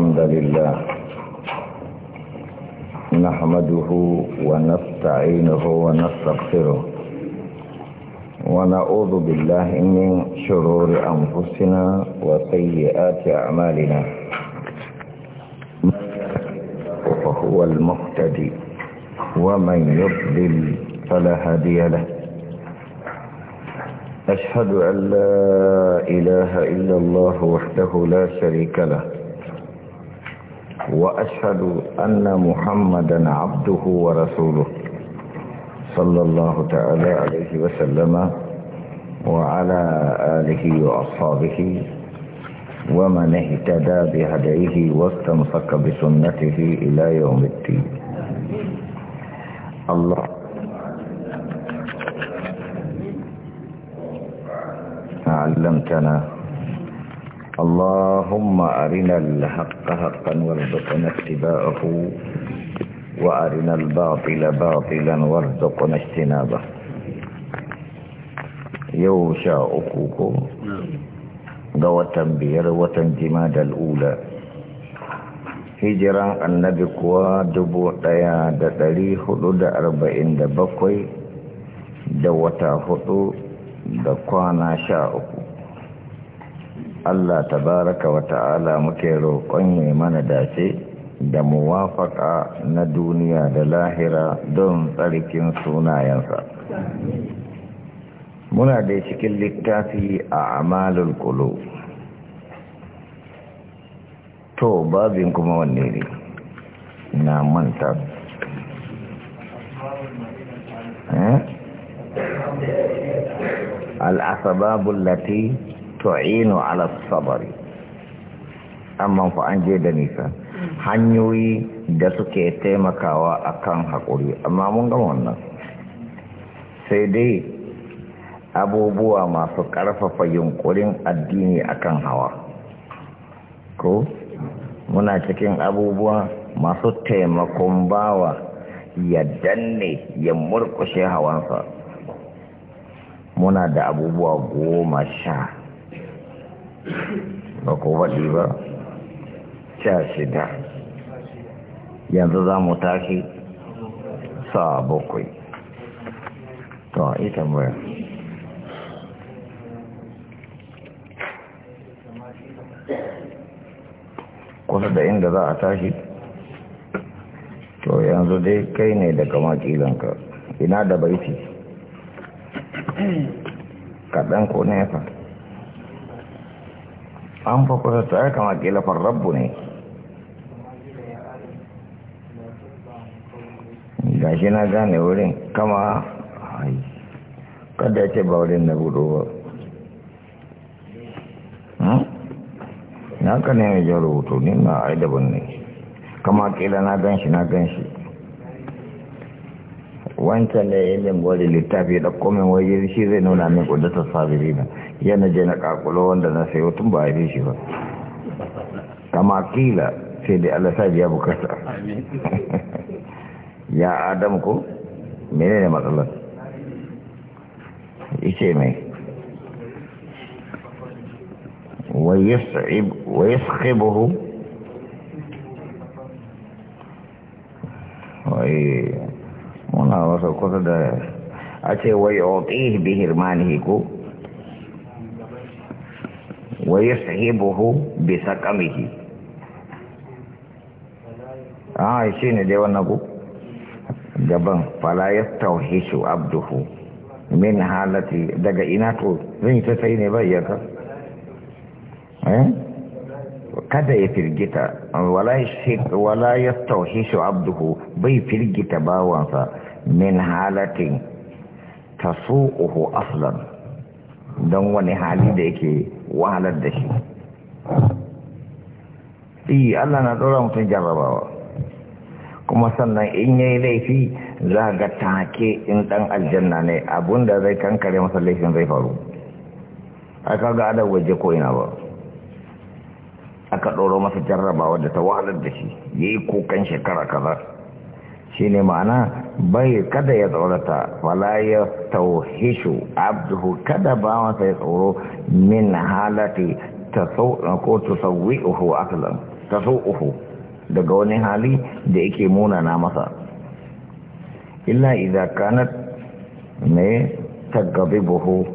الحمد لله نحمده ونستعينه ونستغفره ونعوذ بالله من شرور أنفسنا وسيئات أعمالنا فهو المهتدي ومن يضلل فلا هادي له أشهد أن لا إله إلا الله وحده لا شريك له وأشهد أن محمدا عبده ورسوله صلى الله تعالى عليه وسلم وعلى آله وأصحابه ومن اهتدى بهديه واستمسك بسنته إلى يوم الدين الله علمتنا اللهم أرنا الحق حقا وارزقنا اتباعه وأرنا الباطل باطلا وارزقنا اجتنابه يو شاء دوة قوة بير وتنجماد الأولى هجرة النبي kuwa دبو تيا دتلي حدود أربعين دبقوي arba'in حدود دقوانا شاء Allah ta baraka wa ta'ala muke roƙon ya mana dace da muwafaka na duniya da lahira don tsarkin sunayensa. Muna da cikin littafi a amalul kulo. To, babin kuma wanne ne, na manta. Eh? Al'asababun lati tu'inu ala sabari amma ko an je da nisa hanyoyi da suke taimakawa akan haƙuri amma mun ga wannan sai dai abubuwa masu ƙarfafa yunkurin addini akan hawa ko muna cikin abubuwa masu taimakon bawa ya danne ya murkushe hawansa muna da abubuwa goma sha ba ko baɗi ba sha shida yanzu za mu tashi sa bakwai to a ita mura kusa da inda za a tashi to yanzu dai kai ne daga makilanka ina da baiti kaɗan ko nefa an fa kusa ta kama kila farrabu ne gashi na gane wurin kama kada ce ba wurin na budo ba hmm? na ka ne mai jan rubutu ne na aidaban ne kama kila na ganshi na ganshi wancan ne yin min littafi da komen waje shi zai nuna min kudatar sabiri na yana je na kakulo wanda na sayo tun ba a shi ba kama kila sai dai Allah sa biya bukata ya adam ko ne matsalar ishe mai wa yas'ibu suna wasu kusa da a ce wai o otihi bi hirmanihi ko wai ya sahibuhu bi sakamihi a shi ne dai wannan ku gaban falayar tauhishu abduhu min halati daga ina to zan yi ta sai ne ba iyaka eh? kada ya firgita wala ya tauhishu abduhu bai firgita bawansa min halatin tasu'uhu aslan don wani hali da yake wahalar da shi E, Allah na tsoron mutum jarrabawa kuma sannan in yayi laifi za ga take in ɗan aljanna ne abinda zai kankare masa laifin zai faru aka ga adar waje ko ina ba aka ɗoro masa jarrabawa da ta wahalar da shi ya yi kukan shekara kaza shine ma'ana bai kada ya tsorata wala ya tauhishu abduhu kada ba wata ya tsoro min halati ko tasawwi'uhu aklan daga wani hali da yake munana masa illa idan kanat ne tagabibuhu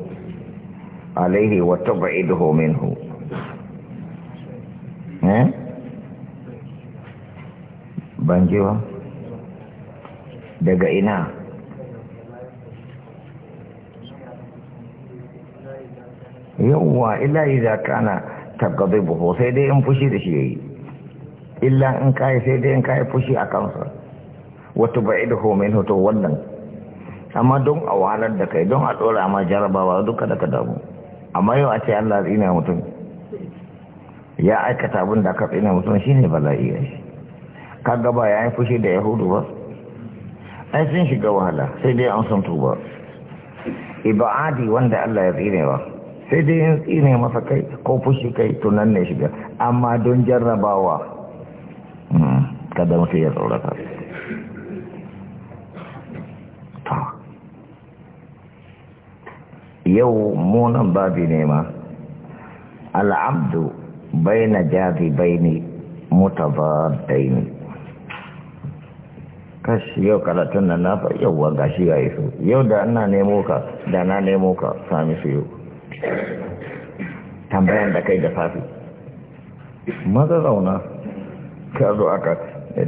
alaihi wa tab'iduhu minhu eh? ban ji ba daga ina yawwa illa idza kana taqdibuhu sai dai in fushi da shi yayi illa in kai sai dai in kai fushi a kansa wato tub'iduhu minhu to wannan amma don a walar da kai don a dora ma jarabawa duka da ka damu amma yau a ce Allah zina mutum ya aikata abin da ka tsina mutum shine bala'i ya shi kaga ba ya yi fushi da yahudu ba ai sun shiga wahala sai dai an san tuba ibadi wanda Allah ya wa? sai dai in tsine masa kai ko fushi kai to nan ne shiga amma don jarrabawa hmm, kada mutum ya tsorata yau munan babi ne ma al'abdu bai na jazi bai ne mutabadaini kashi yau karatun nan na fa yawa gashi ya yi su yau da ana nemo ka da na nemo ka sami su yau tambayan da kai da fafi maza zauna ka zo aka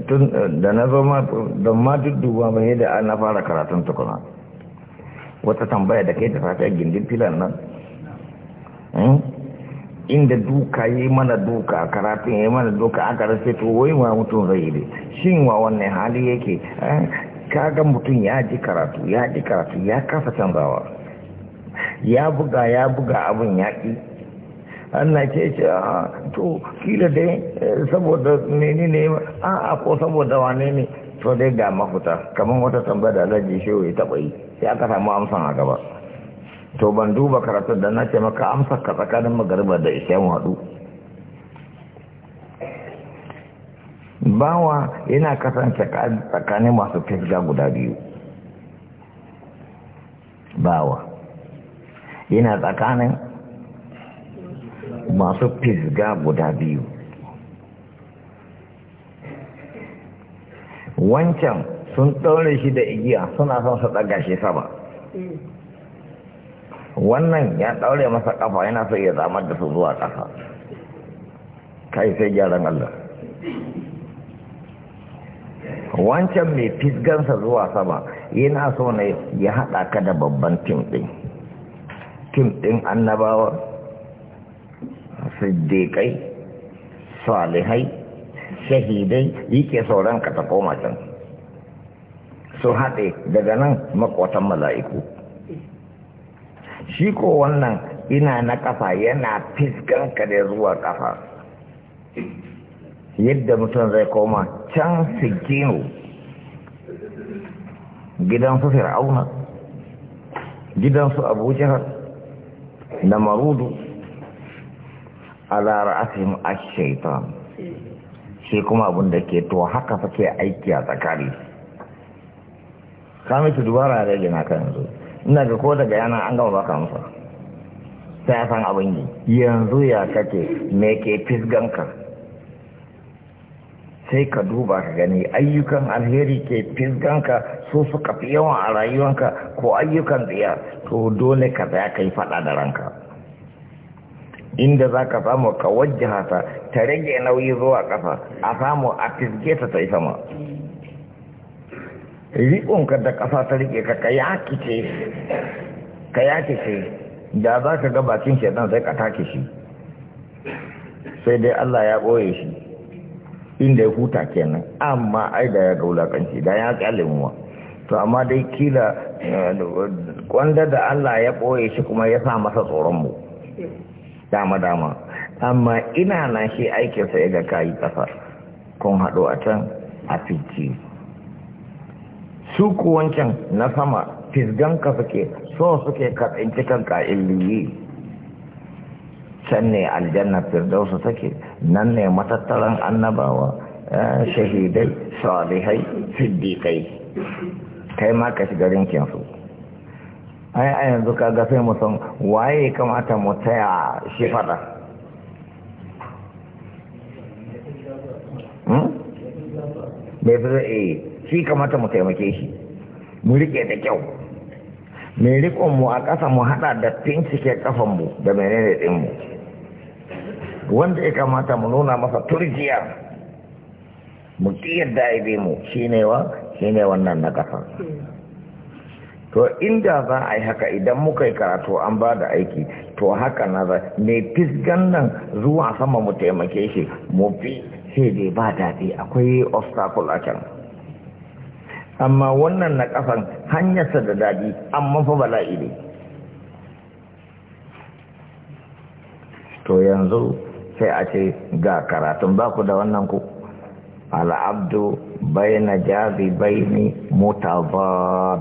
tun da na zo ma don ma dudduba mai da na fara karatun tukuna wata tambaya da kai da fafi a gindin filan nan hmm? inda duka yi mana duka karatun yi mana duka aka rasa to wai ma mutum zai yi shin wa wannan hali yake eh, kaga mutum ya ji karatu ya ji karatu ya kasa canzawa ya buga ya buga abin yaƙi na ce ce ah, a to kila dai eh, saboda nene ne a a ko saboda wane ne to dai ga mafuta kamar wata tambaya da alaji shi ya taɓa yi sai aka samu amsan a gaba to ban duba karatun da na ce maka amsa ka tsakanin magarba da isyan wadu bawa yana kasance tsakanin masu fisga guda biyu bawa yana tsakanin masu fisga guda biyu wancan sun ɗaure shi da igiya suna son su ɗaga shi sama mm. wannan ya ɗaure masa kafa yana so ya zamar da su zuwa kasa kai sai gyaran Allah wancan mai fisgansa zuwa sama yana so ne ya haɗa ka da babban tim ɗin tim ɗin annabawa siddiƙai salihai shahidai yake sauran ka ta koma can su haɗe daga nan makwatan mala'iku shi ko wannan ina na kafa yana fiskanka da zuwa kafa yadda mutum zai koma can sigino gidan su fir'auna gidan su abu na da marudu A ra'asihim asim shaytan shi kuma abin da ke to haka suke aiki a tsakari su dubara da gina kan yanzu ina ga ko daga yana an gama baka amsa sai san abin yi yanzu ya kake me ke fisganka sai ka duba ka gani ayyukan alheri ke fisganka su suka fi yawan a rayuwanka ko ayyukan tsiya to dole ka tsaya kai fada da ranka inda za ka samu ka wajjaha ta ta rage nauyi zuwa ƙasa a samu a fisge ta ta yi sama riƙonka da ƙasa ta riƙe ka ka yaƙi ce ka ce da za ka ga bakin shaidan sai ka take shi sai dai Allah ya ɓoye shi inda ya huta kenan amma ai da ya ga wulaƙanci da ya ƙyale muwa to amma dai kila kwanda eh, da Allah ya ɓoye shi kuma ya sa masa tsoronmu dama-dama amma ina na shi aikinsa ya ga kayi ƙasa kun haɗu a can a fiji Tuku wancan na sama fisganka suke so suke karɓin cikin kanka illiyi can ne aljanna firdausu take nan ne matattaran annabawa eh, shahidai salihai siddiƙai kai ma ka shiga su. ai a yanzu ka ga sai musan waye kamata mu taya shi fada mai hmm? fi zai shi kamata mu taimake shi mu rike da kyau mai rikon mu a ƙasa mu haɗa da tincike kafan mu da menene din mu wanda ya kamata mu nuna masa turjiya mu kiyar da aibe mu shine wa shine wannan na ƙasa to inda za a yi haka idan muka yi karatu an ba da aiki to haka na za ne fisgan nan zuwa sama mu taimake shi mu fi sai dai ba daɗi akwai obstacle a can amma wannan na kafan hanyarsa da daɗi amma fa bala'i ne to yanzu sai a ce ga karatun ba ku da wannan ku al'abdu bai na jazi bai ne mota ba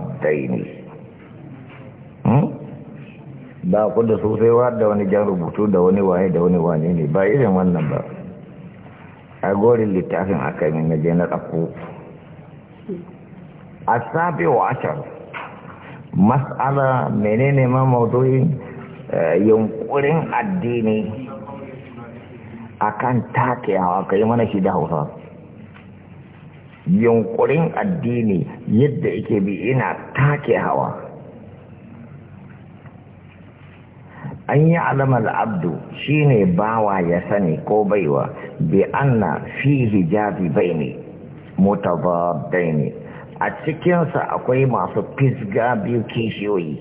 ku da su sai da wani jan rubutu da wani waye da wani wane ne ba irin wannan ba a gori littafin aka yi na je na ɗauko السابع عشر مسألة منين ما موضوعي ينقرن addini akan takewa kai mana shi da hausa yunkurin addini yadda yake bi ina take hawa an yi alamar abdu shine bawa ya sani ko baiwa bi anna fi hijabi bai ne mutaba ne a cikinsa akwai masu fisga biyu kishiyoyi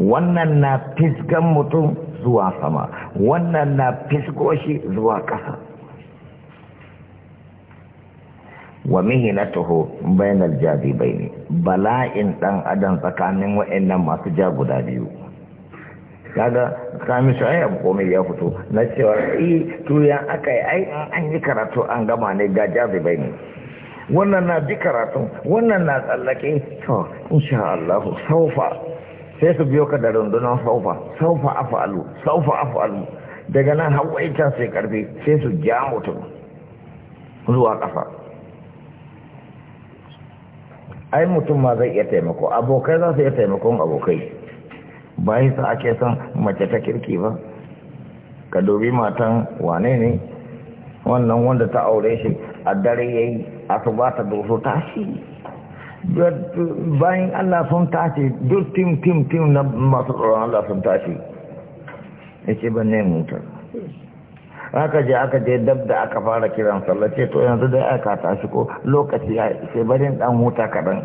wannan na fisgan mutum zuwa sama wannan na fisgoshi zuwa ƙasa wa mihinatuhu bai ne bala'in dan adam tsakanin nan masu ja guda biyu kaga kami shayi abu komai ya fito na cewa eh tuyan aka yi an yi karatu an gama ne ga ne. wannan na bi karatu wannan na tsallake to insha Allah saufa sai su biyo ka da rundunar saufa saufa af'alu saufa af'alu daga nan hawaita sai karfe sai su ja mutum zuwa kafa ai mutum ma zai iya taimako abokai za su iya taimakon abokai bayan sa ake son mace ta kirki ba ka dobi matan wane ne wannan wanda ta aure shi a dare ya yi a su ba ta doso tashi bayan Allah sun tashi duk tim tim tim na masu tsoron Allah sun tashi ya ce ban ne mutar aka je aka je dab da aka fara kiran sallace to yanzu dai aka tashi ko lokaci ya ce barin dan huta kaɗan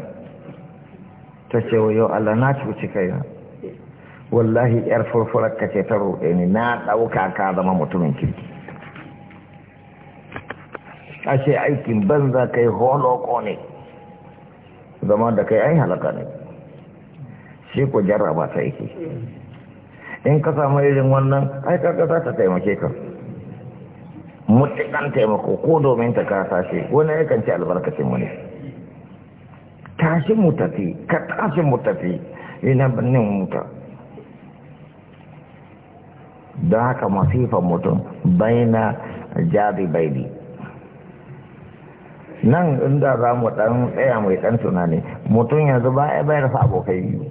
ta ce wa yau Allah na cuci kai wallahi yar furfurar ka ce ta roƙe ni na ɗauka ka zama mutumin kirki ashe aikin banza kai holoko ne zama da kai ai halaka ne shi ku jarraba ta yake in ka samu irin wannan ai ka za ta taimake ka mutukan taimako ko domin ta kasa shi wani yakan ci albarkacin wani tashi mu tafi ka tashi mu tafi ina birnin muta don haka masifan mutum baina jabi baidi nan inda za mu dan tsaya mai ɗan tunani mutum yanzu zuba ya bayar sa abokai biyu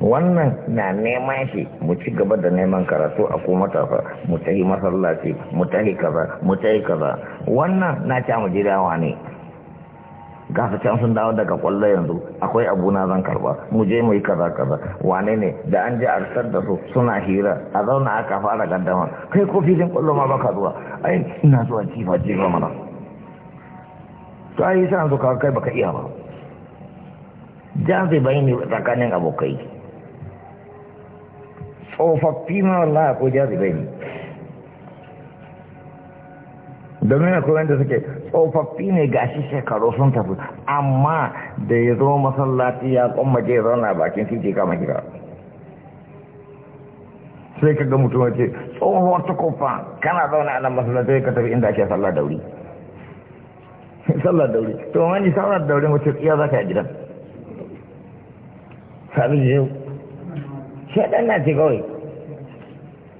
wannan na neman shi mu ci gaba da neman karatu a ko matafa mu tahi masallaci mu tahi kaza mu tahi kaza wannan na ci mu jirawa ne gasa can sun dawo daga kwallo yanzu akwai abu na zan karba mu je mu yi kaza kaza wane ne da an ji arsar da su suna hira a zauna aka fara gaddama kai ko filin kwallo ma baka zuwa ai ina zuwa jifa jifa mana to ai sa zo ka kai baka iya ba jazi bayani tsakanin abokai tsofaffi ma wallahi ko jazi bayani domin akwai wanda suke tsofaffi ne ga shi shekaru sun tafi amma da ya zo masallaci ya kuma je zauna bakin titi kama kira sai ka ga mutum ce tsohuwar kofa kana zauna a nan masallaci ka tafi inda ake sallah da wuri sallar daure to wani sallar daure mace tsiya za ka yi gidan sabi yau shaɗan na ce kawai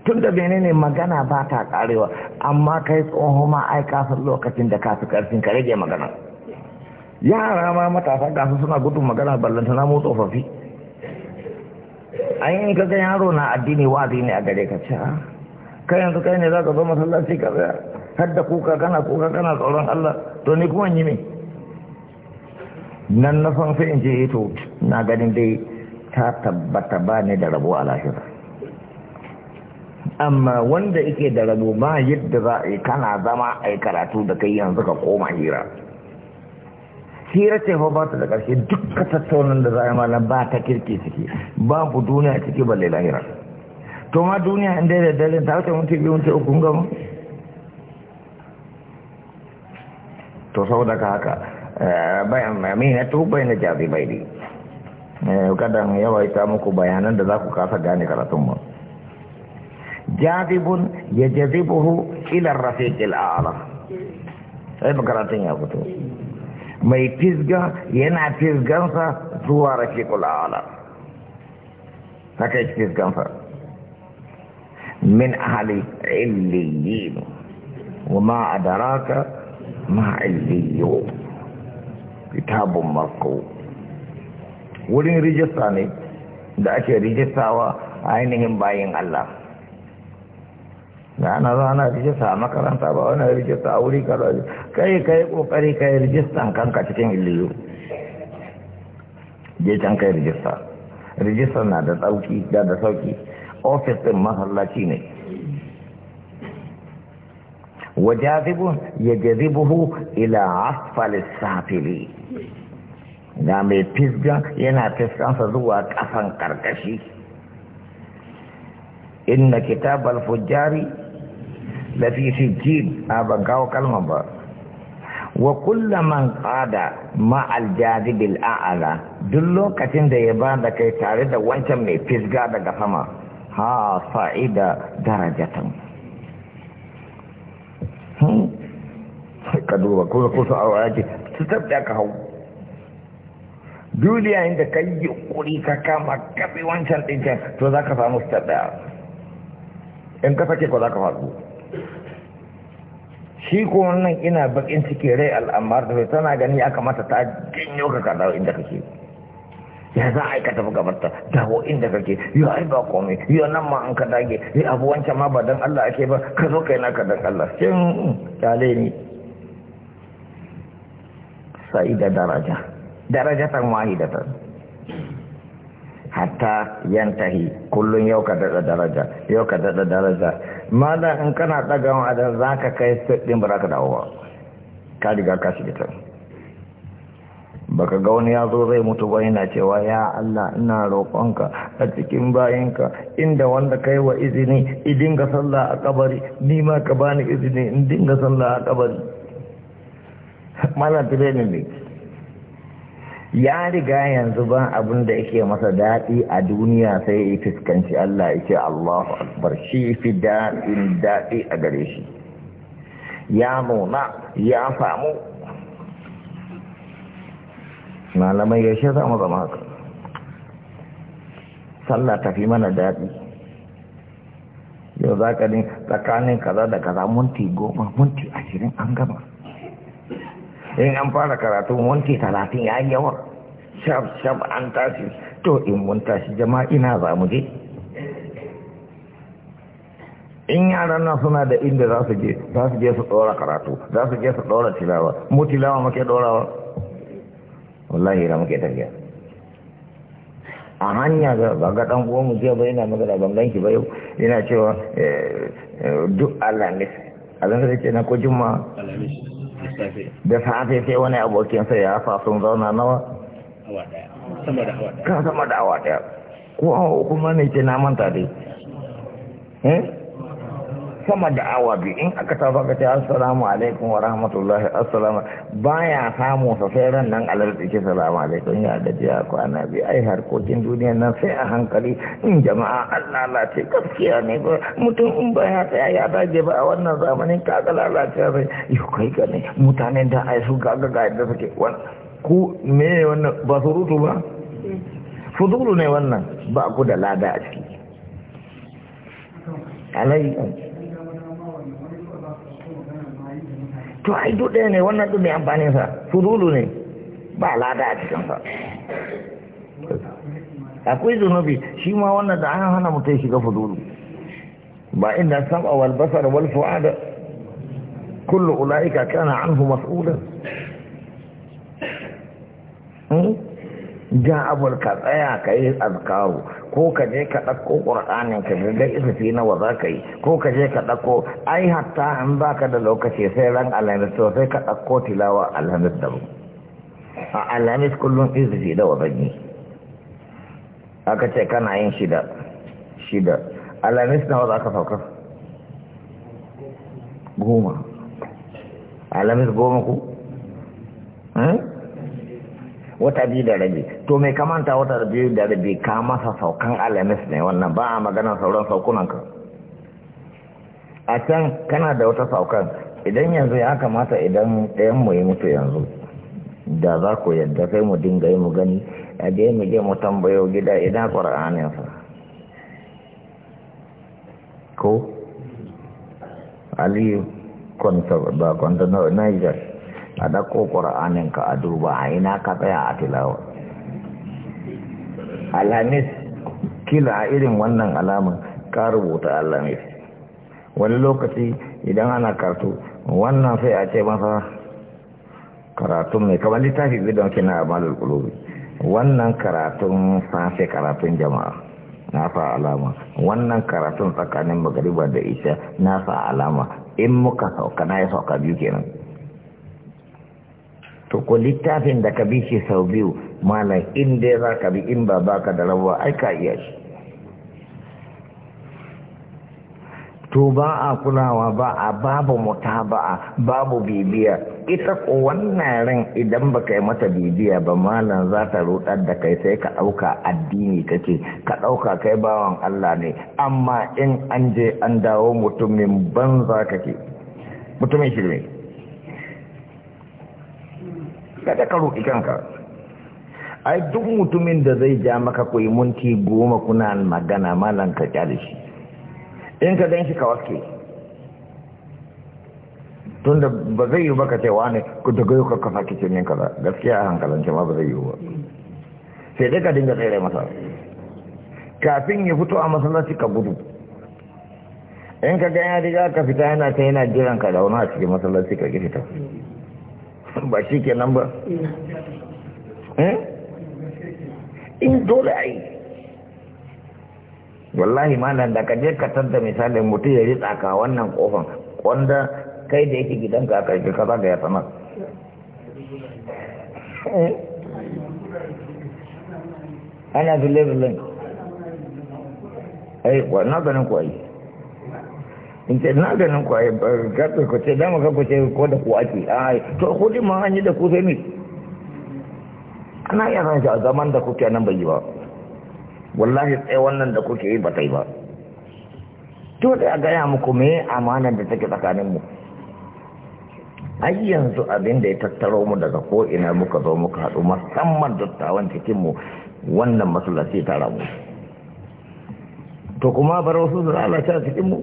tun da bene ne magana ba ta karewa amma kai tsoho ma ai kafin lokacin da kasu karfin ka rage magana yara ma matasa gasu suna gudun magana ballanta na mu tsofaffi an yi kaga yaro na addini wa ne a gare ka ce ka yanzu kai ne za ka zo masallaci ka tsaya har da kuka kana kuka kana tsoron Allah to ni kuma yi me nan na san sai in je eh to na ganin dai ta tabbata ba ne da rabo a lahira amma wanda yake da rabo ba yadda za a yi kana zama a yi karatu da kai yanzu ka koma hira hira ce fa ba ta da ƙarshe duk tattaunan da za a yi malam ba ta kirki suke babu duniya ciki balle lahira to ma duniya in da dalin ta wuce mun biyu mun uku gama to saboda ka haka eh, bayan mai na tubai na jazi bai ne eh, kada yawaita muku bayanan da za ku kasa gane karatunmu jazibun ya jazibuhu ilar rafiqil a'la sai karatun ya fito mai fisga yana fisgansa zuwa rafiqul a'la haka yake fisgansa min ahli illiyin wa ma adaraka ma'aliyo kitabun mako wurin rijista ne da ake rijistawa ainihin bayin Allah da za na rijista a makaranta ba wani rijista a wuri kada kai kai kokari kai rijistan kanka cikin iliyo je can kai rijista rijistar na da sauki da da sauki ofis din masallaci ne وجاذبه يجذبه الى اسفل السافلين نامي تزجا ينا تسجا سزوا كفن كركشي إن كتاب الفجار لفي سجين أبا قاو كلمة وكل من قاد مع الجاذب الأعلى دلو كتن دي يبان دا كي تاريد وانتم ني تزجا دا قفما ها صعيد درجة Hmm? ka duba ko kusa awa yake su tabbata ka hau duniya inda ka yi yunkuri ka kama kafi wancan ɗincin to za ka samu tabbata in ka sake ko za ka faru shi ko wannan ina bakin cike rai al'amar da tana gani aka mata ta janyo ka kada inda kake ya za a aikata gabarta dawo inda kake a ai ba komai ya nan ma an ka dage yi abu wancan ma ba don Allah ake ba ka zo kai naka don Allah shin kyale ni sai da daraja daraja darajatan ta hatta yantahi kullun yau ka dada daraja yau ka dada daraja mana in kana dagawa da zaka kai sai din baraka dawo ka riga ka shiga ta baka ga wani ya zo zai mutu ba yana cewa ya Allah ina roƙonka a cikin bayinka inda wanda kai wa izini idin ga sallah a kabari ni ma ka bani izini in dinga sallah a kabari mana tirenin ne ya riga yanzu ba abin da yake masa daɗi a duniya sai ya fuskanci Allah ya ce Allahu akbar shi fi daɗin daɗi a gare shi ya nuna ya samu malamai yaushe za mu zama haka sallah tafi mana daɗi yau za ka ne tsakanin kaza da kaza munti goma munti ashirin an gama in an fara karatu munti talatin ya yi yawa shaf shaf an tashi to in mun tashi jama'a ina za mu je in yaran nan suna da inda za su je za su je su ɗora karatu za su je su ɗora tilawa mu tilawa muke ɗorawa wallahi da muke tafiya a hanya ga ga dan uwan mu jiya ba yana magana ban ganki ba yau yana cewa eh, eh, duk ne alamis da ke na ko juma da safe sai wani abokinsa ya fa sun zauna nawa k'a sama da awa daya ko kuma ne ke na manta dai eh sama da awa biyu in aka tafa ka ce assalamu alaikum wa rahmatullahi assalamu baya samu sa sai ran nan da ke salamu alaikum ya gajiya kwana bi ai harkokin duniya nan sai a hankali in jama'a la lalace gaskiya ne ba mutum in baya tsaya ya dage ba a wannan zamanin ga lalace sai yau kai ka ne mutanen da ai su ga ga yadda suke ku me wannan ba surutu ba fudulu ne wannan ba ku da lada a ciki alayyan to ai duk ɗaya ne wannan ɗin mai amfanin sa fudulu ne ba lada a cikin sa akwai zunubi shi ma wannan da an hana mutum shiga fudulu ba inda sam'a wal basar wal fu'ada kullu ulaika kana anhu mas'ula hmm? ja abul ka tsaya ka yi azkaru ko ka je ka ɗauko ƙur'anin ka ga isafi nawa za ka yi ko ka je ka ɗauko ai hatta in ba ka da lokaci sai ran alhamis to sai ka ɗauko tilawa alhamis da a alhamis kullum isafi da zan yi aka ce kana yin shida shida alhamis na za ka sauka goma alhamis goma ku hmm? wata biyu da rabi to mai kamanta wata biyu da rabi ka masa saukan alamis ne wannan ba a magana sauran saukunan ka a can kana da wata saukan idan yanzu ya kamata idan ɗayan mu yi mutu yanzu da za ku yadda sai mu dinga yi mu gani a je mu mu tambayo gida idan sa ko aliyu kwanta ba kwanta niger ka ɗauko ka a duba a ina ka tsaya a tilawa alhamis kila a irin wannan alamun ka rubuta alamis wani lokaci idan ana karatu wannan sai a ce masa karatun mai kamar littafi bidon kina a malar kulobi wannan karatun safe karatun jama'a na sa alama wannan karatun tsakanin magariba da isha na sa alama in muka sauka na ya sauka biyu kenan to ko littafin da ka bi shi sau biyu malam in dai za ka bi in ba baka da rawa ai ka iya shi to ba a kulawa ba a babu mutaba'a babu bibiya ita ko wannan ran idan ba yi mata bibiya ba malam za ta rudar da kai sai ka ɗauka addini kake ka ɗauka kai bawan Allah ne amma in an je an dawo mutumin banza kake mutumin shirme kada ka roƙi kanka ai duk mutumin da zai ja maka koyi minti goma kuna magana malan ka kyale shi in ka ganshi ka waske tunda ba zai yi baka cewa ne ku daga yau ka sake ce min kaza gaskiya a ma ba zai yi ba sai dai ka dinga tsere masa kafin ya fito a masallaci ka gudu in ka ga ya riga ka fita yana ta yana jiran ka da wani a cikin masallaci ka ki ba shi ke nan ba eh? in dole a yi wallahi malam da daga je ka da misalin mutu ya ritsa ka wannan kofan wanda kai da yake gidanka a karfi kaza ga ya sanar eh? ana zule-zule ai eh, wannan ganin kwayi in ce na ganin ku ai ku ce dama kan ku ko da ku ake ai to ko din ma an da ku sai me ana iya san a zaman da kuke nan bai yi ba wallahi tsaye wannan da kuke yi ba ta yi ba to da a gaya muku me amana da take tsakanin mu ai yanzu abin da ya tattaro mu daga ko ina muka zo muka haɗu musamman dattawan cikin mu wannan masallaci ta ramu to kuma bar wasu su lalata cikin mu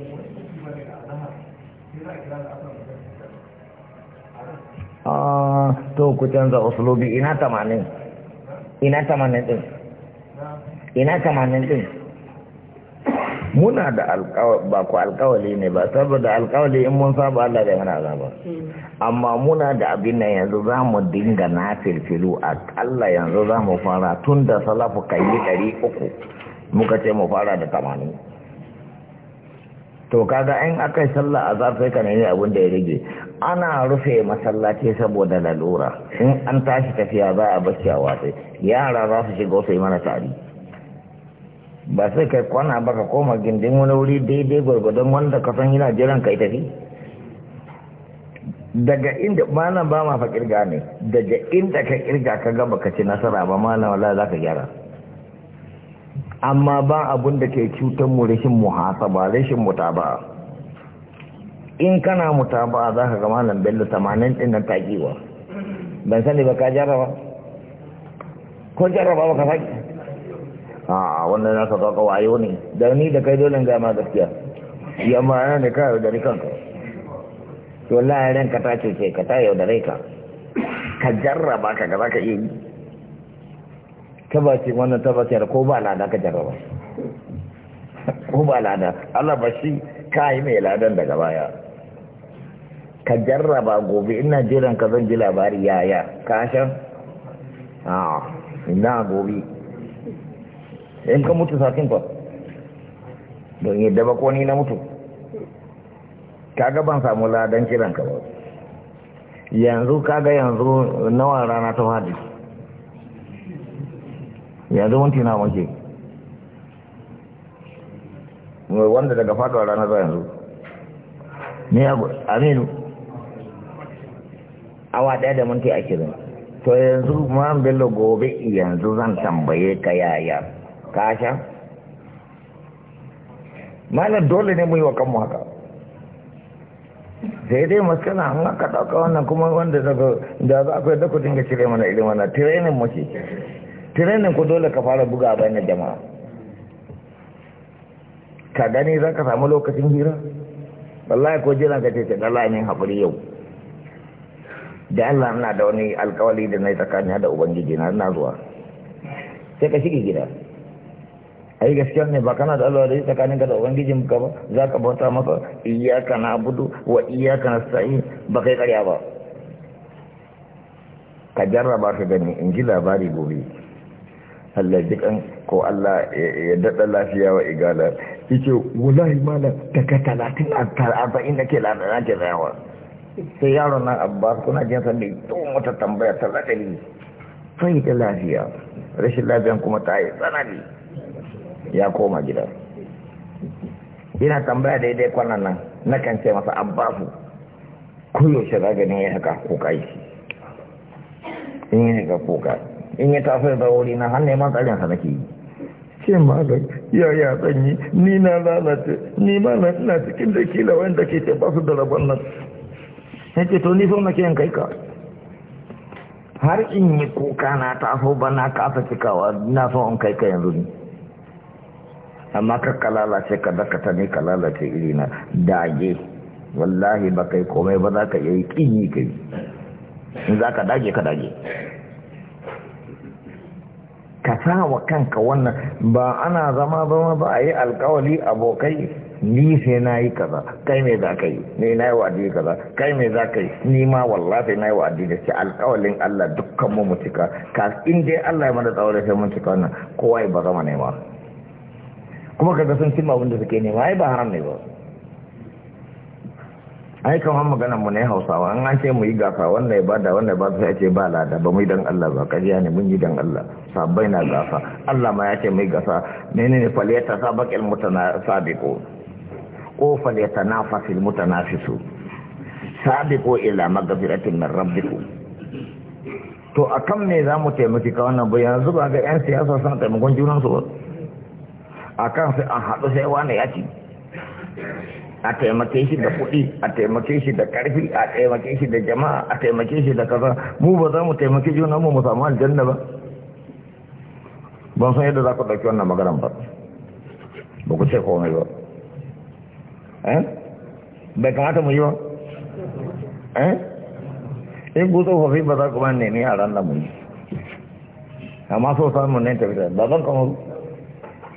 a ah, to ku canza usulobi ina tamanin ina tamanin tu. ina tamanin tu. muna da alkawali ba ku alkawali ne ba saboda alkawali in mun saba Allah da yana azaba hmm. amma muna da abin nan yanzu za mu dinga na filfilu akalla yanzu za mu fara tun da salafu kan yi ɗari uku muka ce mu fara da tamanin to kaga in akai sallah a zafai ka nemi abin da ya rage ana rufe masallaci saboda lalura in an tashi tafiya za a bashi a watsi yara za su shiga wasu yi mana tari ba sai kai kwana ba ka koma gindin wani wuri daidai gwargwadon wanda ka san yana jiran kai tafi daga inda malam ba ma fa kirga ne daga inda ka kirga ka gaba ka ci nasara ba malam wallahi za ka gyara amma ba abun da ke cutar mu rashin muhasaba rashin mutaba in kana mutaba za ka gama nan bello 80 din nan takiwa ban sani ba ka jarraba ko jarraba ba ka saki a wannan naka ka wayo ne da ni da kai dole ga ma gaskiya yamma yana ne ka da rikan ka wallahi ranka ta ce ka ta yaudare ka ka jarraba ka ga za ka iya yi ka ce wannan ta ko ba lada ka jarraba ko ba lada Allah ba shi ka yi mai ladan daga baya ka jarraba gobe ina jiran ka zan ji labari yaya ka shan a ah, ina gobe in ka mutu sakin fa don yi daba ko ni na mutu ka ga ban samu ladan kiran ka ba yanzu kaga yanzu nawa rana ta fadi ya zama tina mace wanda daga fatawa ranar zai yanzu ne aminu awa daya da minti ashirin to yanzu an bello gobe yanzu zan tambaye ka yaya ka sha malar dole ne mu yi wa kanmu haka sai dai maskana an haka ɗauka wannan kuma wanda daga da za a kai dakotin ga cire mana ilimana na ne mace tirenin ku dole ka fara buga a bayan jama'a ka gani za ka samu lokacin hira wallahi ko jiran ka ce ta dala min haƙuri yau da Allah na da wani alkawali da na yi tsakanin da Ubangiji na na zuwa sai ka shige gida a yi gaskiyar ne ba kana da Allah da yi tsakanin ga da Ubangijin ka ba za ka bauta masa iyaka na budu wa iyaka na sa'i ba kai karya ba ka jarraba ka gani in ji labari gobe Allah jikan ko Allah ya daɗa lafiya wa igala ce wallahi malam daga talatin a arba'in ke lalana ke zayawa sai yaron nan abbas kuna jin san tun wata tambaya ta zaɗari sai da lafiya rashin lafiyan kuma ta yi tsanani ya koma gida yana tambaya daidai kwanan nan na kan ce masa abbasu koyaushe za ganin ya haka kokai in yi haka kokai in yi tafi da wuri na hannun ma tsarin sa nake yi ce malam ya ya tsanyi ni na lalace ni ma na ina cikin da kila wanda ke ce basu da rabon nan ya ce to ni na nake yin kai ka har in yi kuka na taso ba na kasa cikawa na so in kai ka yanzu ne amma ka ka lalace ka dakata ne ka lalace iri na dage wallahi ba kai komai ba za ka yi kin kai in za ka dage ka dage ka wa kanka wannan ba ana zama zama ba a yi alkawali abokai ni sai na yi kaza kai me za ka yi ni na yi wa kaza kai me za ka yi ni ma sai na yi wa da shi alkawalin Allah dukkan mu mutuka ka in dai Allah ya mana tsawon sai mun cika wannan kowa ya ba zama nema kuma kaga sun cimma abin da suke nema ai ba haram ne ba ai kamar magana mu ne hausawa an an ce mu yi gafa wanda ya bada wanda ya bada sai ce ba lada ba mu yi dan Allah ba kariya ne mun yi dan Allah sabbai na gafa Allah ma ya ce mu yi gafa menene faliyata sabaqil mutana sabiqu ko faliyata nafasil mutanafisu sabiqu ila magfiratin min rabbikum to akan me za mu taimaki ka wannan bayan zuba ga yan siyasa sun taimakon junansu ba akan sai an haɗu sai wani ya ci a taimake shi da kuɗi a taimake shi da ƙarfi a taimake shi da jama'a a taimake shi da kaza mu ba za mu taimake juna mu mu samu aljanna ba ban san yadda za ku ɗauki wannan magana ba ba ku ce komai ba eh bai kamata mu yi ba eh? in ku tsofaffi ba za ku ba ne ni a ran da mu yi amma so samun ne tafi da ba zan kamar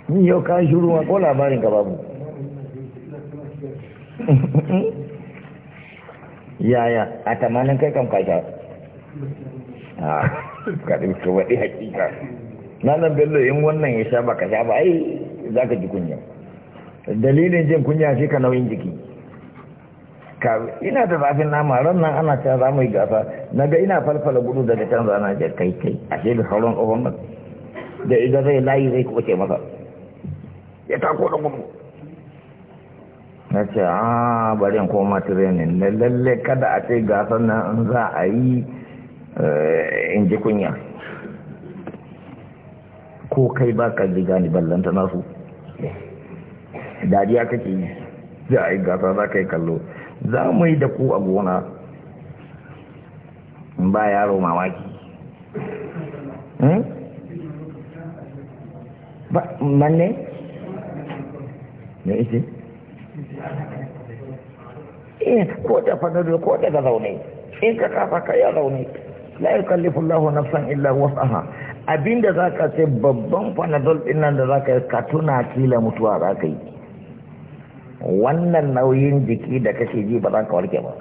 ni yau ka shi ruwa ko labarin ka babu yaya a tamanin kai kam kasha a ah, kaɗin kawaɗi hakika na nan bello yin wannan ya sha baka sha ba ai za ka ji kunya dalilin jin kunya shi ka nauyin jiki ina da zafin nama ran nan ana ta za mu yi gasa na ga ina falfala gudu daga can zana da kai kai a shi da sauran tsohon da idan zai layi zai ce masa ya tako da gudu na ce a ah, bari in koma training na lalle kada a ce gasar nan in za a yi eh, in ji kunya ko kai ba ka ji gani ballanta nasu dariya kake yi za a yi gasa za ka yi kallo za mu yi da ku a gona ba yaro mamaki hmm? ba manne ne isi eh ko da fadado ko daga zaune in ka kafa ka ya zaune la yukallifu Allahu nafsan illa wus'aha abinda zaka ce babban fanadol din nan da zaka yi ka tuna kila mutuwa zaka yi wannan nauyin jiki da kake ji ba za ka warke ba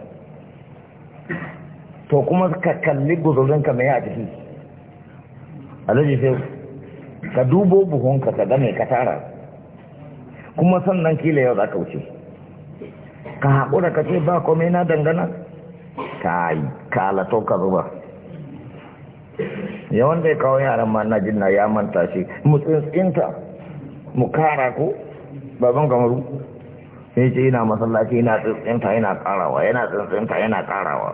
to kuma ka kalli guzurin ka mai a jiki alaji sai ka dubo buhunka ka ka gane ka tara kuma sannan kila yau za ka wuce ka haƙura ka ce ba komai na dangana ka yi kalato ka zuba yawan da ya kawo yaran ma na jin na ya manta shi mu tsintsinta mu kara ko baban kamaru ya ce ina masallaci ina tsintsinta ina karawa yana tsintsinta yana karawa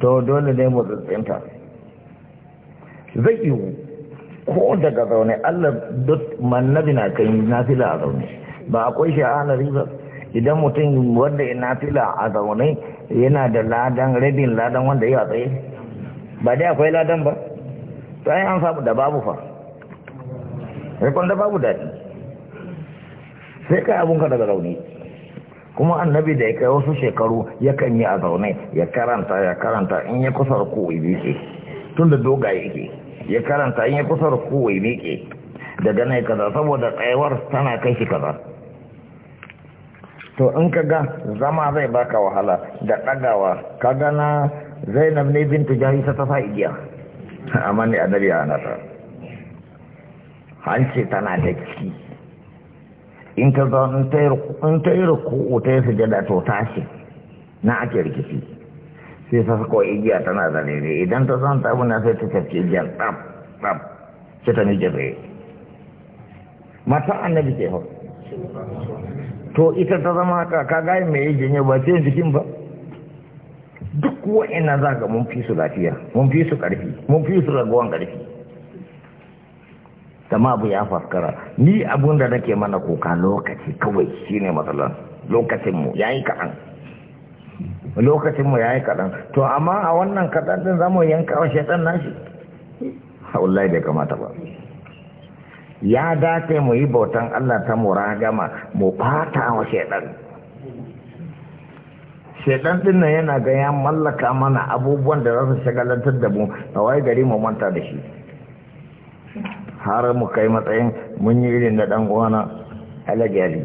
to dole ne mu tsintsinta zai yiwu ko daga zaune allah duk mannabi na kai nasila a zaune ba akwai sha'anar riba idan mutum wanda ina fila a zaune yana da ladan rabin ladan wanda ya tsaye ba dai akwai ladan ba to ai an samu da babu fa kun da babu daɗi sai kai abunka daga rauni kuma annabi da ya kai wasu shekaru yakan yi a zaune ya karanta ya karanta in ya kusa ruku ya miƙe tun da doga yake ya karanta in ya kusa ruku ya miƙe daga nai kaza saboda tsayawar tana kai shi kaza to in ka ga zama zai baka wahala da ɗagawa ka gana zainab ne bintu jari ta tafa igiya amma ne annabi ya nata hanci tana da ciki in ka zo in ta yi ruku'u ta yi sujada to tashi na ake rikici sai ta sako igiya tana zane ne idan ta zan ta abuna sai ta tafi igiyar ɗab ɗab ce ta nije zai mata annabi ke hau to ita ta zama haka ka gaya mai jinya ba ce jikin ba duk wa'ina za ga mun fi su lafiya mun fi su ƙarfi mun fi su raguwan ƙarfi sama abu ya faskara ni abun da nake mana kuka lokaci kawai shine matsalar lokacinmu ya yi kaɗan lokacinmu ya yi kaɗan to amma a wannan kaɗan ɗin za yanka wa shaitan nashi haulai bai kamata ba ya dace mu yi bautan Allah ta muragama mu fata wa shaidan shaidan din nan yana ga ya mallaka mana abubuwan da za su shagalantar da mu a wai gari mu manta da shi har mu kai matsayin mun yi irin na dan uwana alagari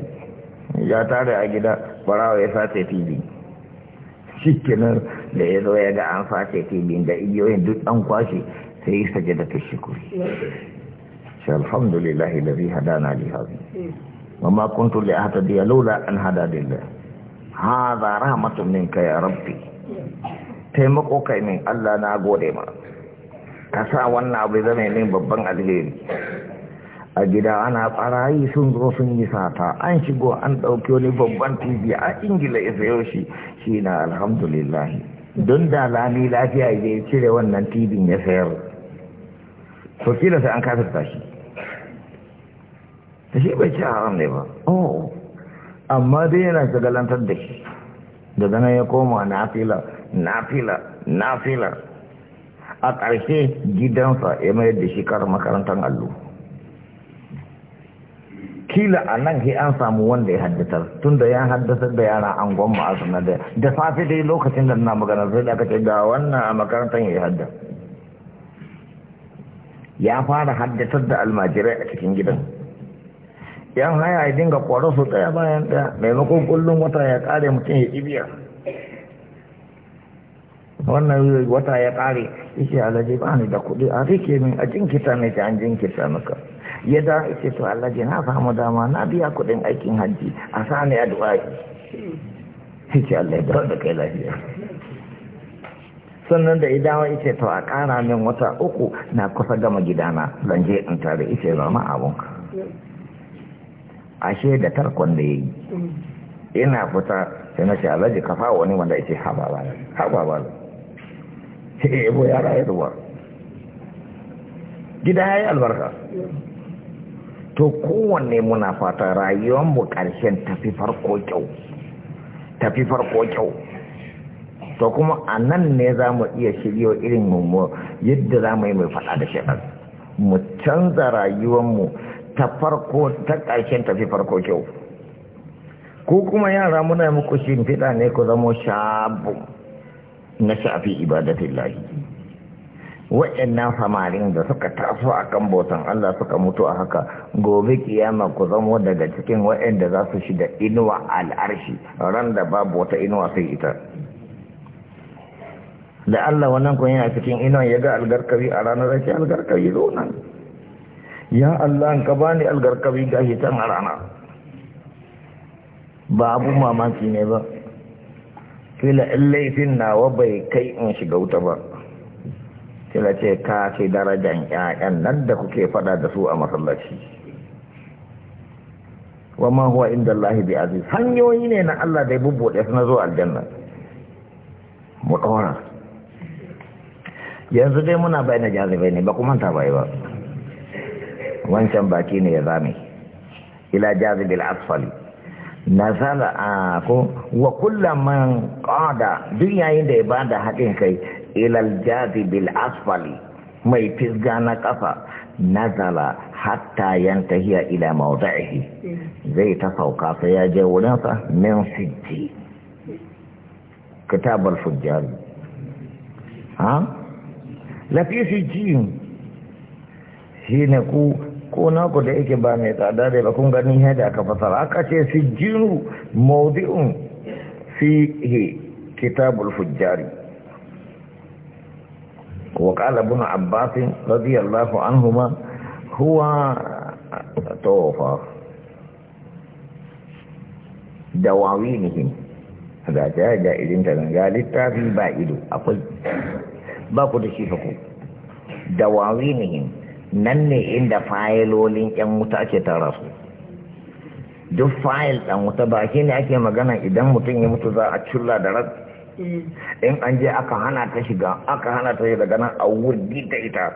ya tare a gida barawa ya sace fili shi da ya zo ya ga an sace filin da igiyoyin duk an kwashe sai yi sajada ta shukuri الحمد لله الذي هدانا لهذا وما كنت لأهتدي لولا أن هداني الله هذا رحمة منك يا ربي taimako kai min Allah na gode ma ka sa wannan abu zama min babban alheri a gida ana tsarayi sun zo sun yi sata an shigo an ɗauki wani babban tv a ingila ya sayo shi shi na alhamdulillahi. don da lami lafiya ya cire wannan tv ya sayar so kila sai an kafirta shi shi bai ci haram ne ba oh amma dai yana shagalantar da shi daga nan ya koma na na fila, fila, na fila. a ƙarshe gidansa ya mayar da shi kar makarantar allo kila a nan sai an samu wanda ya haddatar tun da ya haddatar da yara an gwamma a sanar da da safe dai lokacin da na magana sai da aka ce ga wannan a makarantar ya hadda ya fara haddatar da almajirai a cikin gidan yan haya ya dinga kwaro su ɗaya bayan ɗaya maimakon kullum wata ya ƙare mutum ya ƙibiya wannan wata ya ƙare yake alaji ba ni da kuɗi a rike min a jinkita ne ta an jinkita maka ya da ake to alaji na samu dama na biya kuɗin aikin hajji a sani a du'a yake Allah ya da kai lafiya sannan da idawa ita to a ƙara min wata uku na kusa gama gidana zan je in tare ita zama abunka ashe da tarkon da ya yi ina fita sai na ce alaji ka fa wani wanda ya ce haba ba haba sai ya yabo yara ya ruwa gida ya yi albarka to kowanne muna fata rayuwanmu ƙarshen tafi farko kyau tafi farko kyau to kuma a nan ne za mu iya shiryo irin mummu yadda za mu yi mai fada da shaɗar mu canza rayuwanmu ta farko ta ƙarshen tafi farko kyau ko kuma yara muna muku shi fiɗa ne ku zama shabu na shafi ibadatin lahi wa'annan samarin da suka taso a kan bautan Allah suka mutu a haka gobe kiyama ku zamo daga cikin wa'anda za su shiga inuwa al'arshi ran da babu wata inuwa sai ita da Allah wannan kun yana cikin inuwa ya ga algarkari a ranar rashin algarkari zo nan ya Allah ka bani algarkabi gashi tan a rana ba abu mamaki ne ba kila in laifin nawa bai kai in shiga wuta ba kila ce ka ce darajan ƴaƴan nan da kuke faɗa da su a masallaci wa ma huwa inda Allah bi aziz hanyoyi ne na Allah da ya da su na zo aljanna mu yanzu dai muna bayyana jazibai ne ba kuma ta bai wancan baki ne ya zame ila jazibil asfali nazala a ko wa kullaman qada duk yayin da ya bada haɗin kai ilal jazibil asfali mai fisga na kafa nazala hatta yantahiya ila mawda'ihi zai ta sauka sai ya je wurinsa min sijji kitabul fujjar ha lafi sijji shine ku ko naku da yake ba mai tsada da ba kun gani yadda aka fasara aka ce si jinu maudi'un he kitabul fujjari wa qala ibn abbas radiyallahu anhuma huwa tawfa dawawinihim ga ta ga irin ta ga littafi ba ido akwai ba ku da shi fa ku dawawinihim nan ne inda fayilolin yan wuta ake tara su duk fayil ɗan wuta ba shi ne ake magana idan mutum ya mutu za a culla da rat in an je aka hana ta shiga aka hana ta daga nan a wurdi ta ita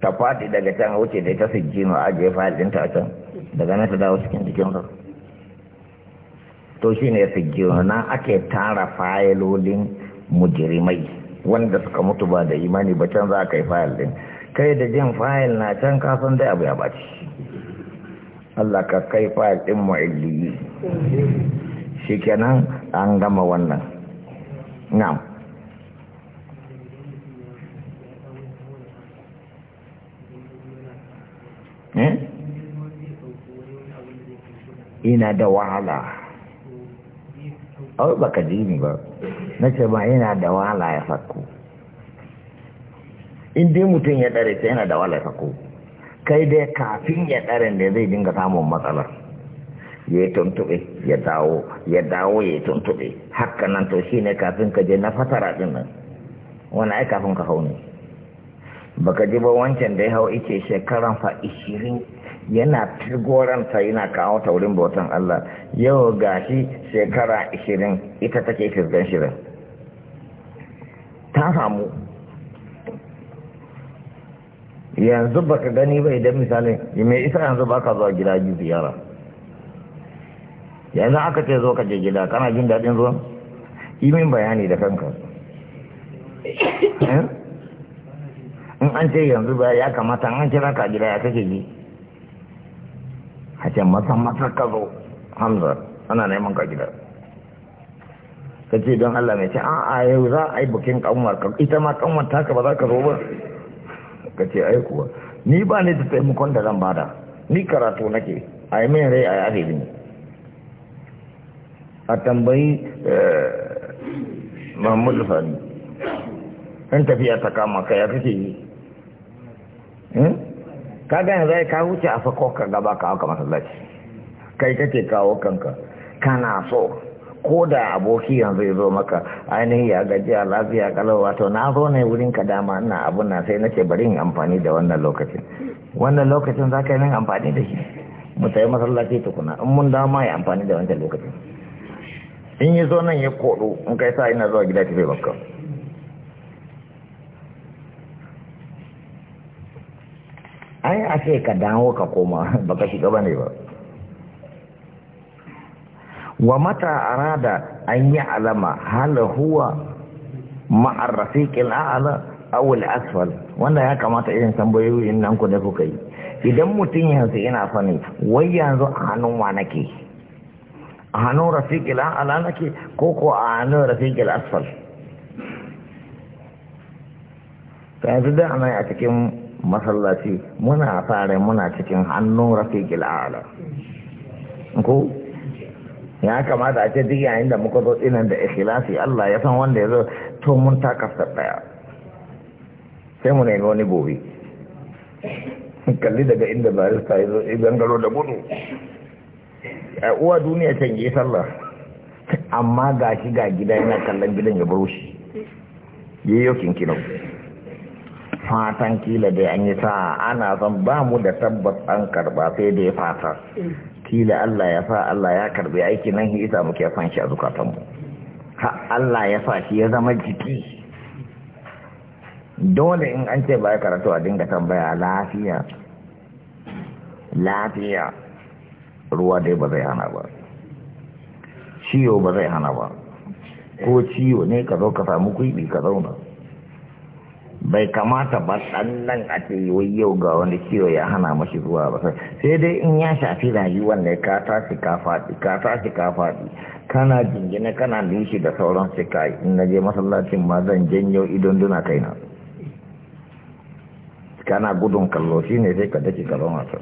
ta fadi daga can a wuce da ita su jima a ajiye fayil din ta can daga nan ta dawo cikin jikin ta to shi ne su jima nan ake tara fayilolin mujirimai wanda suka mutu ba da imani ba can za a kai fayil ɗin kai da jin fayil na can kasan dai abu ya baci Allah ka kai fayil ɗin mu'illiyi shi kenan an gama wannan na'am eh? ina da wahala au baka ji ni ba na ce ba ina da wahala ya sako in dai mutum ya ɗare ta yana da wala ko kai dai kafin ya ɗare da zai dinga samun matsalar ya yi tuntube ya dawo ya dawo ya yi tuntube haka to shi ne kafin ka je na fatara ɗin nan wani ai kafin ka hau ne baka ji ba wancan da ya hau ice shekaran fa ishirin yana tirgoranta yana kawo taurin bautan Allah yau gashi shekara ishirin ita take kirgan shirin ta samu yanzu baka gani ba idan misali me isa yanzu baka zuwa gida yi ziyara yanzu aka ce zo ka je gida kana jin daɗin zuwa yi min bayani da kanka eh? in an ce yanzu ba ya kamata an kira ka gida ya kake ji a ce matan-matan ka zo hamza ana neman ka gida ka ce don allah mai ce a'a yau za a yi bukin kanwar ita ma kanwar taka ba za ka zo ba ka ce ai kuwa ni ba ne da taimakon da zan bada ni karatu nake a yi min rai a yi adadin a tambayi eh, mahammadu sani in tafiya ta kama ka ya kake yi hmm? ka gane zai ka wuce a sako ka gaba ka haka masallaci kai kake kawo kanka kana so ko da aboki yanzu ya zo maka ainihin ya gaji a lafiya kalau wato na zo ne wurin ka dama ina abun na sai nace bari in amfani da wannan lokacin wannan lokacin za ka yi min amfani da shi mu sayi masallaci tukuna in mun dama ya amfani da wancan lokacin in yi zo nan ya kodo in kai sa ina zuwa gida tafi bakka ai a ce ka dawo ka koma baka shiga bane ba wa mata arada an yi alama hal huwa ma'ar rafiqil a'la aw asfal wanda ya kamata irin tambayoyin nan ku da kuka yi idan mutum yanzu ina sani wai yanzu a hannun wa nake a hannun rafiqil a'la nake ko ko a hannun rafiqil asfal yanzu da ana a cikin masallaci muna fare muna cikin hannun rafiqil a'la ko ya kamata a ce duk yayin da muka zo tsinan da ikhlasi Allah ya san wanda ya zo to mun takasta daya sai mu nemi wani gobe kalli daga inda barista ya zo idan garo da gudu a uwa duniya can yi sallah amma ga shi ga gida yana kallon gidan ya baro shi yayyo kinkinau fatan kila da an yi sa ana son ba mu da tabbas an karba sai da ya fata kila Allah ya sa Allah ya karbi aiki nan shi isa muke san shi a zukatanmu ha Allah ya sa shi ya zama jiki dole in an ce ba ya karatu a dinga tambaya lafiya lafiya ruwa dai ba zai hana ba ciwo ba zai hana ba ko ciwo ne ka zo ka samu kuɗi ka zauna bai kamata ba sannan a ce wai yau ga wani ciwo ya hana mashi zuwa ba sai dai in ya shafi rayuwar ne ka tashi ka faɗi ka tashi ka faɗi kana jingina kana nishi da sauran shi ka in na je masallacin ma zan janyo idon duna na kana gudun kallo shi ne sai ka dake kallon wasan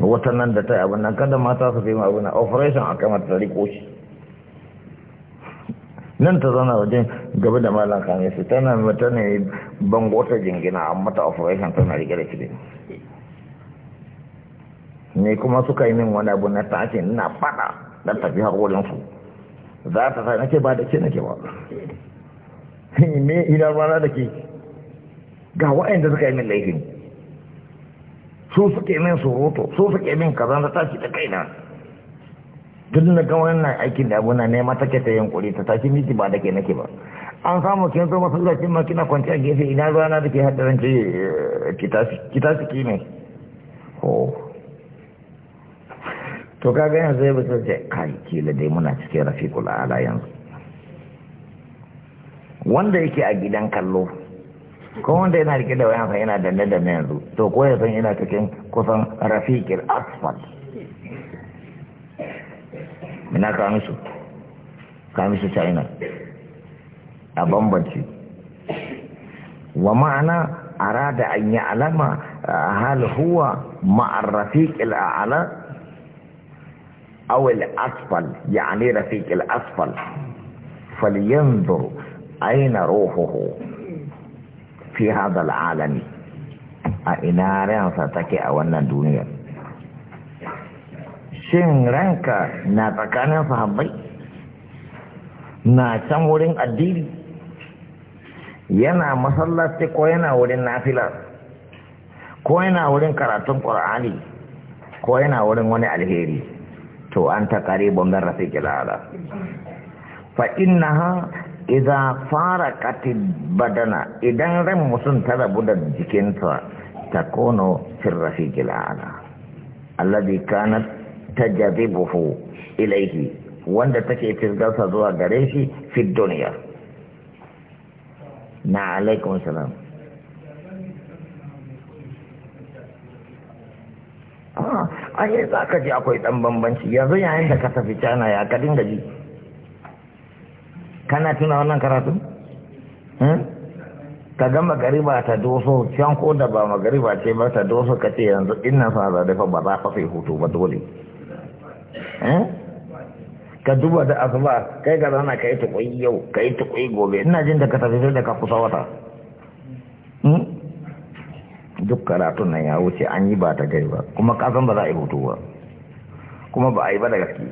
wata nan da ta yi abin nan kada mata su fi abin na operation a kamar ta riko shi nan ta zauna wajen gaba da malam kame su tana mata ne bango ta jingina a mata operation tana rike da kiri ne kuma suka yi min wani abu na ake na fada na tafi har wurin su za ta sa nake ba da ke nake ba me ina rana da ke ga da suka yi min laifin su suke min surutu su suke min kaza na tashi ta kaina duk da kan wannan aikin da abuna ne mata ke ta yankuri ta tashi miki ba da ke nake ba an samu kin zo masallacin ma kina kwanci a gefe ina ruwa na dake ke ce ki ki ki ne ho to kaga yanzu ya bisa ce kai kila dai muna cikin rafiqul ala yanzu wanda yake a gidan kallo ko wanda yana rike da wayansa yana danne danne yanzu to ko ya san yana cikin kusan rafiqul asfalt ina kamisu kamisu china a bambanci wa ma'ana arada an yi alama hal huwa ma'ar rafiq al-a'la aw al-asfal yani rafiq al-asfal falyanzur aina ruhuhu fi hadha al-alami a ina ran sa take a wannan duniyar shin ranka na tsakanin sahabbai na can wurin addini yana masallaci ko yana wurin nafila ko yana wurin karatun ƙur'ani ko yana wurin wani alheri to an ta kare bambam rafi kilala fa iza fara faraqat badana idan ran mutum ta rabu da jikinta ta fi rafiqil ala alladhi kanar tajazibuhu ilaihi wanda take firgarsa zuwa gare shi fi duniya na alaikum salam Ah, yi za ka ji akwai dan bambanci yanzu yayin da ka tafi cana ya ka dinga ji kana tuna wannan karatu? Hmm? ka ga magariba ta doso can ko da ba magariba ce ba ta doso ka ce yanzu ina sa da dafa ba za ka sai hutu ba dole Eh? ka duba da asuba kai ga zana ka yi tukwai yau ka yi tukwai gobe ina jin da ka tafi sai da ka kusa wata hmm? duk karatun nan ya wuce an yi ba ta gari ba kuma kasan ba za a yi hutu ba kuma ba a yi ba da gaske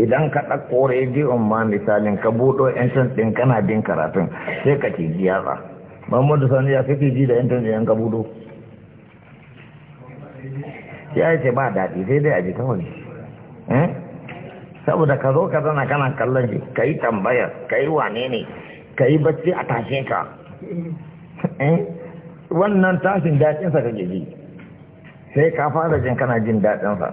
idan ka ɗauko rediyon ma misalin ka buɗo yancin ɗin kana bin karatun sai ka ci jiya ba Muhammadu Sani ya kake ji da yancin ɗin ka buɗo sai ya ce ba daɗi sai dai a ji kawai eh? saboda ka zo ka zana kana kallon shi ka yi tambaya ka yi wane ne ka yi bacci a tashe ka eh? wannan tashin daɗinsa ka ji sai ka fara jin kana jin daɗinsa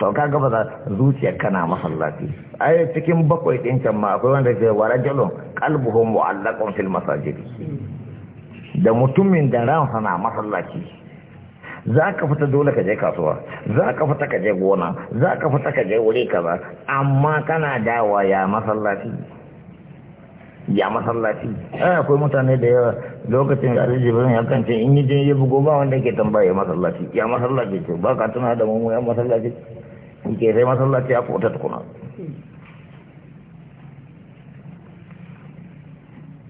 to ka gaba da zuciyar kana masallaci ai cikin bakwai ɗin can ma akwai wanda ke wara rajulun qalbuhu mu'allaqun fil masajid da mutumin da ransa na masallaci za ka fita dole ka je kasuwa za ka fita ka je gona za ka fita ka je wuri kaza amma kana dawa ya masallaci ya masallaci eh akwai mutane da yawa lokacin da Alhaji Ibrahim ya kance in yi je ya bugo ba wanda ke tambaye masallaci ya masallaci ce ba ka tuna da mu ya masallaci ke sai masallaci ya ta tukuna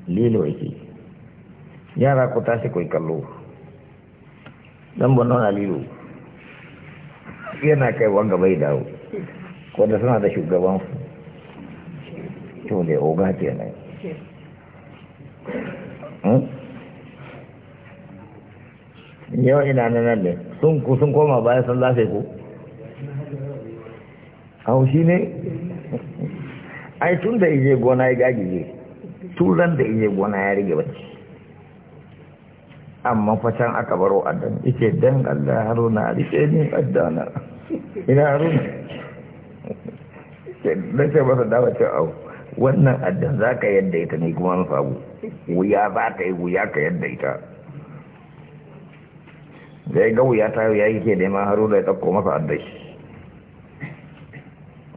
lilo yake yara ku tashi ku kallo dan bannon aliyu yana kai wanga bai dawo wanda suna da shugaban su to da oga ke nan yau ina nan ne sun ku sun koma bayan sun lafe ku shi ne ai tun da ije gona ya gagije tun da ije gona ya rige bacci amma facan aka baro addan yake dan Allah haruna rike ni addana ina haruna da ce masa dama ce au wannan addan za ka yadda ita ne kuma na sabu wuya za ka yi wuya ka yadda ita zai ga wuya ta ya yi ke neman haruna ya ɗauko masa addan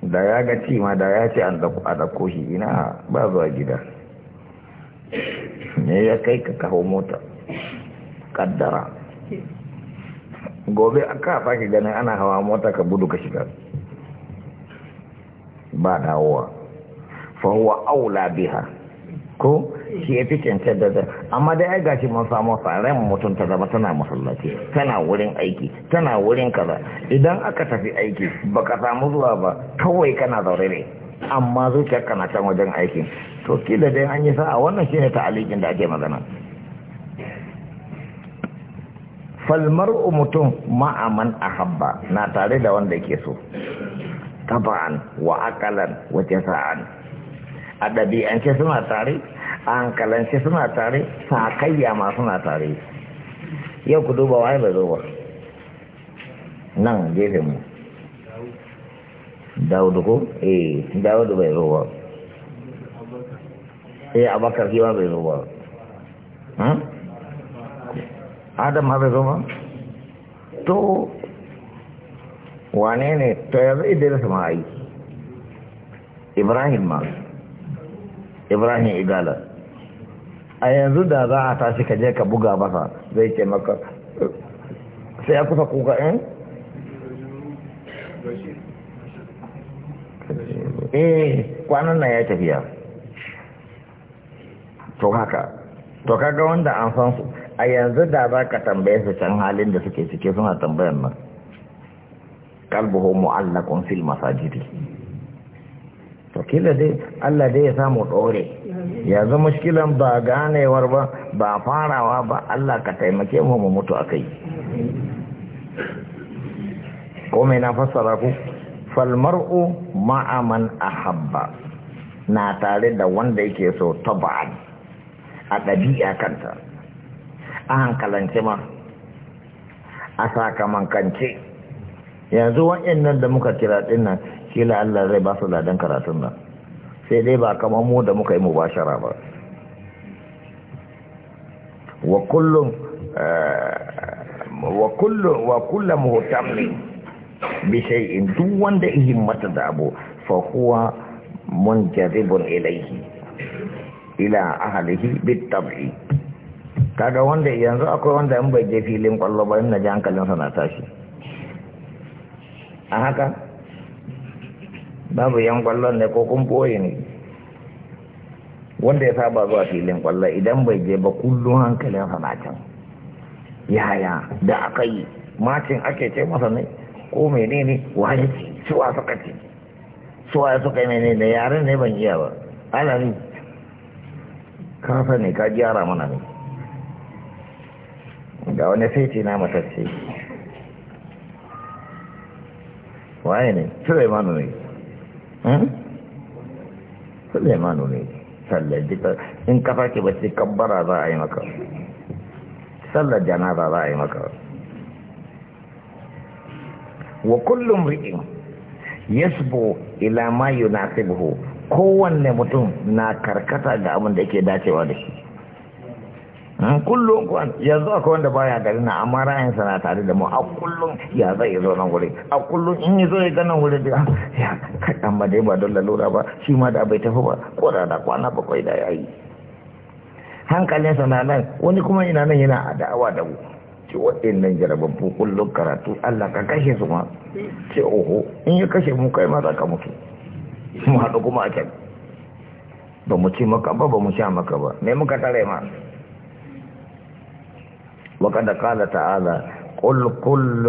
da ya ga ci ma da ya ce an ɗauko shi ina ba zuwa gida ne ya kai ka kawo mota kaddara gobe aka sake ganin ana hawa mota ka budu ka shiga ba dawowa fa huwa aula biha ko shi ya fi cancanta da amma dai ai gashi mun samu faran mutum ta zama tana masallaci tana wurin aiki tana wurin kaza idan aka tafi aiki baka samu zuwa ba kawai kana zaure ne amma zuciyar kana can wajen aiki, to kila dai an yi sa'a wannan shine ta'alikin da ake magana falmar mutum ma'aman ahabba na tare da wanda yake so taba'an wa akalan wa jaza'an a ɗabi'ance suna tare a hankalance suna tare kayya ma suna tare yau ku duba waye bai zo ba nan gefe mu dawudu ko eh dawudu bai zo ba eh abakar kiwa bai zo ba hmm? adam haɗa zuma to wane ne to yanzu idris ma yi ibrahim ma ibrahim igala a yanzu da za a tashi ka je ka buga masa zai ce maka sai ya kusa kuka in? eh kwanan na ya tafiya to haka to kaga wanda an san su a yanzu da za ka tambaye su can halin da suke cike suna tambayar nan kalbuhu mu'allakun fil masajidi to kila dai Allah dai ya samu dore yanzu mushkilan ba ganewar ba ba farawa ba Allah ka taimake mu mu mutu akai ko mai na fasara ku falmar'u ma'aman ahabba na tare da wanda yake so taba'an a ɗabi'a kanta a hankalance ma a sakamankance yanzu nan da muka kira din nan shi Allah zai ba su ladan karatun nan sai dai ba kamar mu da muka yi mubashara ba wa kullum eh, wa bi duk wanda himmata da abu fahuwa mun jaribun ila ahlihi bit kaga wanda yanzu akwai wanda in bai je filin kwallo ba in na ji hankalinsa na tashi a haka babu yan kwallon ne ko kun boye ne wanda ya saba zuwa filin kwallo idan bai je ba kullum hankalinsa na can yaya da aka yi macin ake ce masa ne ko mene ne waye ce suwa suka ce suwa ya suka yi mene ne yaren ne ban iya ba ana ne ka sani ka gyara mana ne ga wani saiti na matacce waye ne suleimanu ne hmm? suleimanu ne sallar jika in kafa ke ba ce kabbara za a yi maka sallar janaza za a yi maka wa kullum ri'in yasbo ila ma yunasibuhu kowanne mutum na karkata ga abin da yake dacewa da shi Hmm, kullum kwan yanzu akwai wanda baya gari na amma ra'ayin sana tare da mu a kullum ya zai zo nan wuri a kullum in yi zo ya gana wuri da ya kaɗan ba dai ba don lalura ba shi ma da bai tafi ba ko da da kwana bakwai da ya yi hankalin sana nan wani kuma ina nan yana a da'awa da mu ce nan jarababbu kullum karatu allah ka kashe su ma ce oho in ya kashe mu kai ma za ka mutu mu haɗu kuma a can ba mu ci maka ba ba mu sha maka ba me muka tare ma وقد قال تعالى قل كل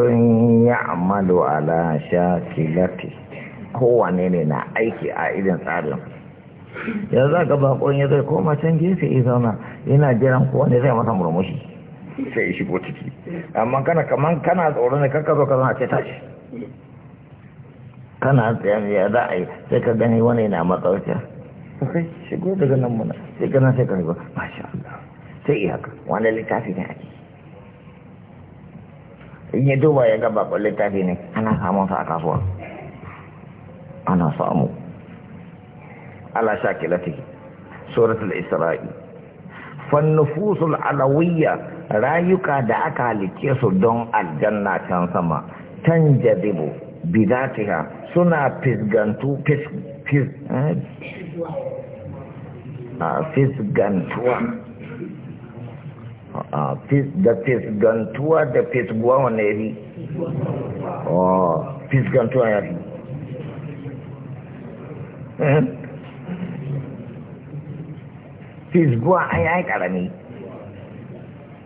يعمل على شاكلته هو نينا aiki a irin tsarin yanzu aka bakon ya zai koma can gefe ya zauna yana jiran kowa ne zai masa murmushi sai ya shigo ciki amma kana kaman kana tsoron ne karka zo ka zauna ce tashi kana tsayan ya za a yi sai ka gani wani yana matsauciya sai shigo daga nan muna sai ka nan sai ka shigo masha Allah sai iya haka wani littafi ne ake in ya duba ya ga bakon littafi ne ana samun sa a kasuwa ana samu ala shakilati suratul isra'i fannufusul alawiyya rayuka da aka halicce su don aljanna can sama tan jazibu bidatiya, suna fisgantu eh? fisgantuwa Ah, da fisgantuwa da fisguwa wanda ya fi oh, fisgantuwa ya fi hmm. fisguwa an yi karami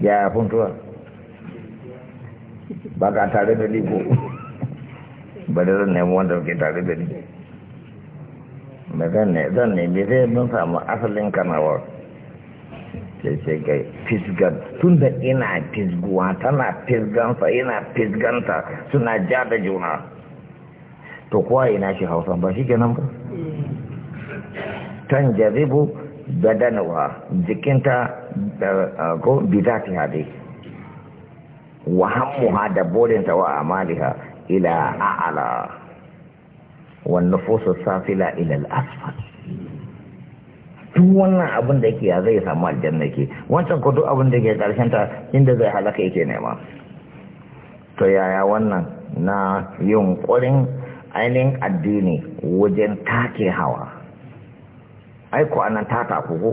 ya funtuwa ba ka tare da liko ba da zan nemi wanda ke tare da ni ba zan nemi zai mun samu asalin kanawar sai sai ga fisgan tun da ina fisguwa tana fisgansa ina fisganta suna ja da juna to kuwa ina shi hausa ba shi kenan ba tan jaribu badanawa jikinta ko bidati hade wa hammuha da burinta wa amaliha ila a'ala wa nufusu safila ila al-asfal duk wannan abin da yake ya zai samu aljanna ke wancan ko duk abin da yake karshen ta inda zai halaka yake nema to yaya wannan na yin yunkurin ainihin addini wajen take hawa aiko anan taka kuku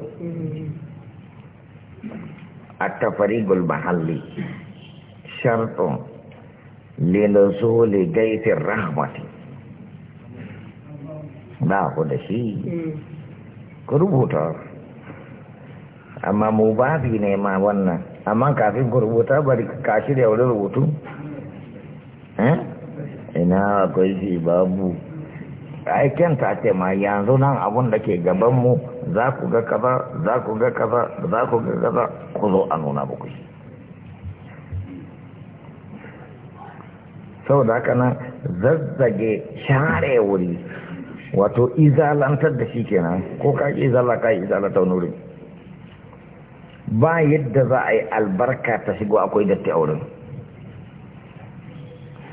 a tafarigul mahalli shartun linazuli gaifin rahmati ba ku da shi hmm. ka rubuta amma mu fi ne ma wannan amma kafin ka rubuta bari ka shirya wani rubutu eh? ina akwai shi babu aiken ta ce ma yanzu nan abun da ke gabanmu za ku ga kaza za ku ga kaza za ku ga kaza ku zo a nuna muku shi saboda haka nan zazzage share wuri wato izalantar da shi kenan ko ka izala ka izalata wani wurin ba yadda za a yi albarka ta shigo akwai datti a wurin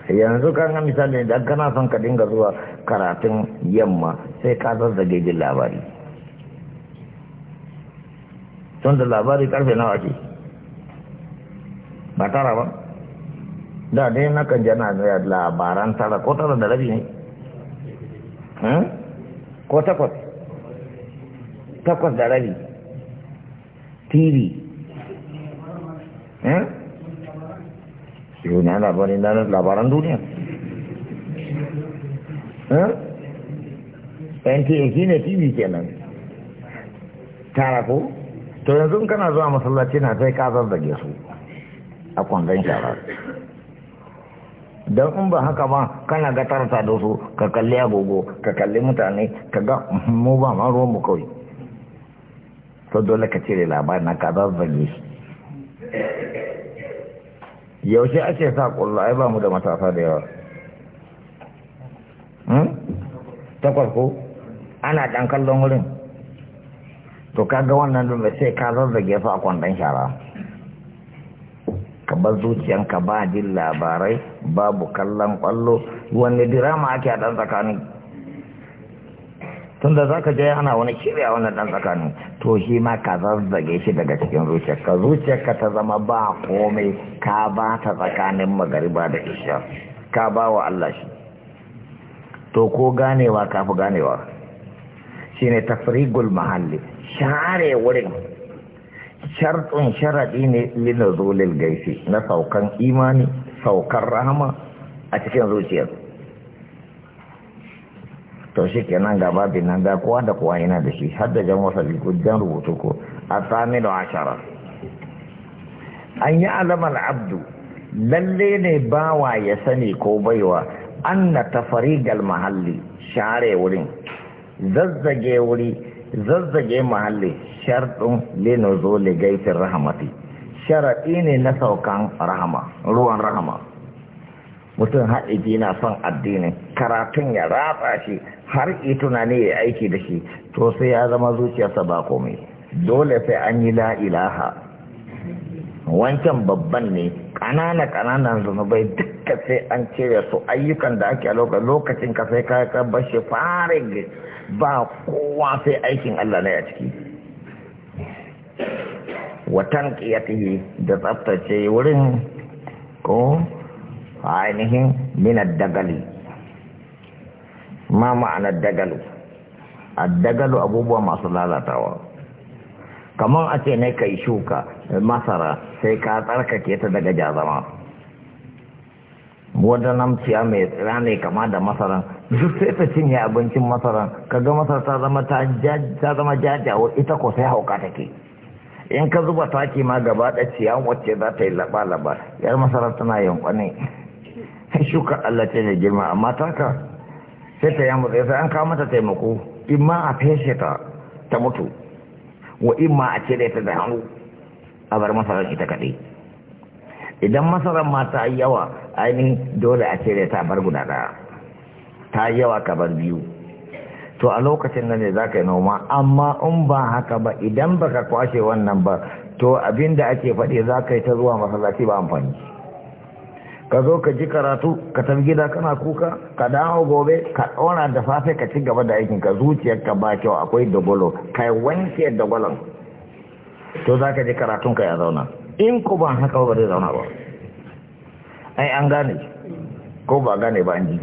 yanzu kan ga misali da kana son ka dinga zuwa karatun yamma sai ka zazzage jin labari tun da labari karfe nawa ce ba tara ba da dai na kan jana labaran tara ko tara da rabi ne Hmm? ko takwas takwas da rabi tv hmm? yau na labarin na labaran duniya hmm? nta shi ne tv kenan tara ko to yanzu kana zuwa masallaci na sai kazar da gesu a kwanzan shara don in ba haka ba kana ga tarasa da su ka kalli agogo ka kalli mutane ka ga mm, mu ba ma ruwan mu kawai to dole ka cire labarin na ka zazzage ne yaushe ake sa kullu ai ba mu da matasa da yawa hmm? takwas ko ana dan kallon wurin to ga wannan dole sai ka zazzage su a kwandon shara ka bar zuciyanka ba jin labarai babu kallon kwallo wanne dirama ake a ɗan tsakani tunda za ka je ana wani a wannan ɗan tsakanin to shi ma ka zazzage shi daga cikin zuciyar ka zuciyar ka ta zama ba komai ka ba ta tsakanin magariba da isha ka ba wa Allah shi to ko ganewa ka fi ganewa shine tafrigul mahalli share wurin shartun sharaɗi ne zolil gaisi na saukan imani saukar rahama a cikin zuciyar to shi nan gaba bin da kowa da kowa yana da shi har da jan wasa jan rubutu ko a sami da ashara an yi alamar abdu lalle ne bawa ya sani ko baiwa an na tafarigal mahalli share wurin zazzage wuri zazzage mahalli sharɗin lino zo rahamati sharaɗi ne na saukan rahama ruwan rahama mutum haɗiji na son addinin karatun ya ratsa shi har yi tunani ya aiki da shi to sai ya zama zuciyarsa ba komai dole sai an yi la'ilaha wancan babban ne ƙanana ƙananan zunubai duka sai an cire su ayyukan da ake a lokacin ka sai ka karbar shi fara ba kowa sai aikin Allah ne a ciki watan ƙiyatihi da tsabtace wurin ko a ainihin minar dagali ma ma'anar dagalu a dagalu abubuwa masu lalatawa kamar a ce ne ka yi shuka eh, masara sai ka tsarkake ta daga jazama wadannan ciya mai tsira ne kama da masaran duk sai ta cinye abincin masaran kaga masar ta ta zama jajawa ita ko sai hauka take in ka zuba taki ma gaba da ciyan wacce za ta yi laba-laba yar masarar tana yankwane shuka Allah ce ne girma amma taka sai ta yamu tsaye sai an kawo mata taimako in ma a feshe ta ta mutu wa in ma a cire ta da hannu a bar masarar ita kaɗai idan masarar ma ta yawa ainihin dole a cire ta bar guda ɗaya ta yawa ka bar biyu to a lokacin nan ne za ka yi noma amma in ba haka ba idan ba ka kwashe wannan ba to abin da ake faɗi za ka yi ta zuwa masallaci ba amfani ka zo ka ji karatu ka tafi gida kana kuka ka dawo gobe ka ɗora da safe ka ci gaba da aikin ka zuciyarka ba kyau akwai dogolo ka wanke dogolon to za ka ji karatun ka ya zauna in ko ba haka ba zai zauna ba ai an gane ko ba gane ba an ji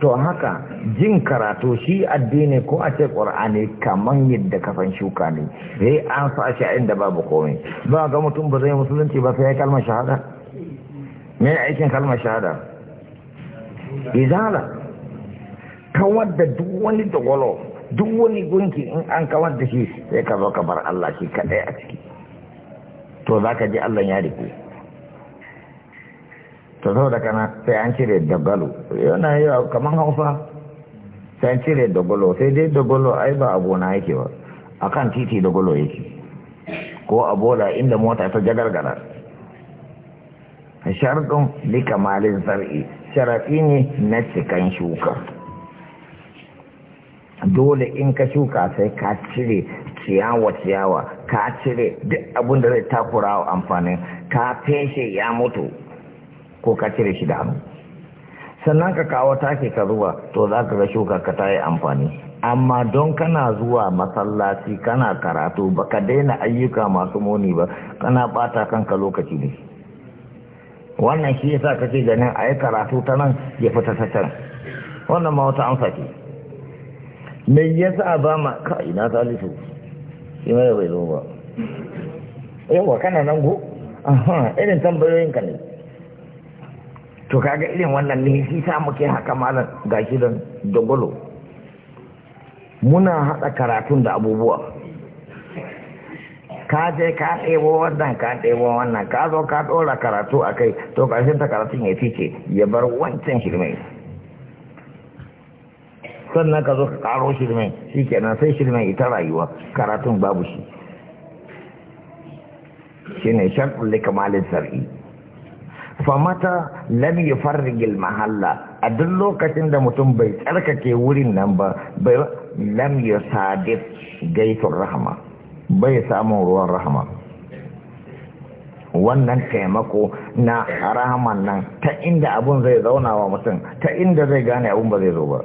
to haka jin karatu shi addini ko a ce ƙwar'ani kaman yadda kafan shuka ne sai eh, an sa a inda babu komai ba ga mutum ba zai musulunci ba sai ya kalmar shahada me aikin kalmar shahada izala kawar da duk wani dogolo duk wani gunki in an kawar da shi sai ka zo ka bar Allah shi kaɗai a ciki to za ka ji Allah ya rike to zo da kana sai an cire dagalo yana yi kamar hausa sai an cire dagalo sai dai dagalo ai ba a gona yake ba a kan titi dagalo yake ko a bola inda mota ta jagargara sharɗin lika malin zar'i sharaɗi ne na cikan shuka dole in ka shuka sai ka cire ciyawa-ciyawa ka cire duk abin da zai takura amfanin ka feshe ya mutu ko ka cire shi da hannu sannan ka kawo take ka zuwa to za ka ga shuka ka ta yi amfani amma don kana zuwa masallaci kana karatu ba ka daina ayyuka masu muni ba kana bata kanka lokaci ne wannan shi yasa kake ganin a yi karatu ta nan ya fita ta can wannan ma wata amsa ce me yasa ba ma ka ina salisu shi mai bai zo ba yawa kana nan go irin tambayoyinka ne to kaga irin wannan ne shi sa muke haka malam gashi don dogolo muna haɗa karatun da abubuwa ka je ka ɗebo wannan ka ɗebo wannan ka zo ka ɗora karatu a kai to ƙarshen ta karatun ya fice ya bar wancan shirme sannan ka zo ka ƙaro shirme shi kenan sai shirme ita rayuwa karatun babu shi shine sharɗin kamalin sar'i famata lam yufarrigil mahalla a duk lokacin da mutum bai tsarkake wurin nan ba bai lam yusadif gaitun rahama bai samun ruwan rahma. wannan taimako na rahaman nan ta inda abun zai zauna wa mutum ta inda zai gane abun ba zai zo ba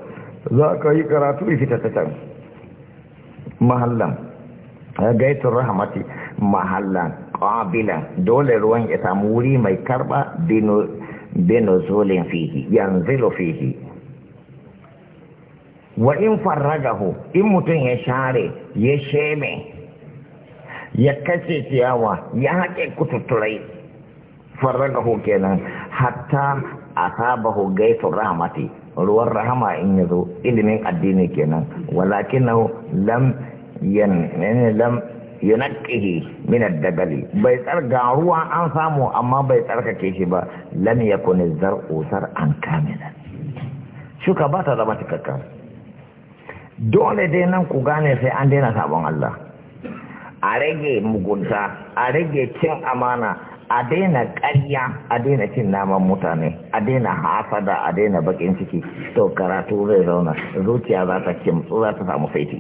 za ka yi karatu fita ta can mahallan gaitun rahamati mahallan qabilan dole ruwan ya samu wuri mai karba binuzulin fihi yanzilu fihi wa in farragahu in mutum ya share ya sheme ya kashe ciyawa ya haƙe kututturai farragahu kenan hatta asabahu gaisu rahmati ruwan rahama in yazo ilimin addini kenan walakina lam yan lam yunaqqihi min ad dabal bai tsarga ruwa an samu amma bai tsarkake shi ba lam yakun az-zar'u zar'an kamilan shuka ba ta zama cikakka dole dai nan ku gane sai an daina sabon Allah a rage mugunta a rage cin amana a daina ƙarya a daina cin naman mutane a daina hasada a daina bakin ciki to karatu zai zauna zuciya za ta kimtsu za ta samu saiti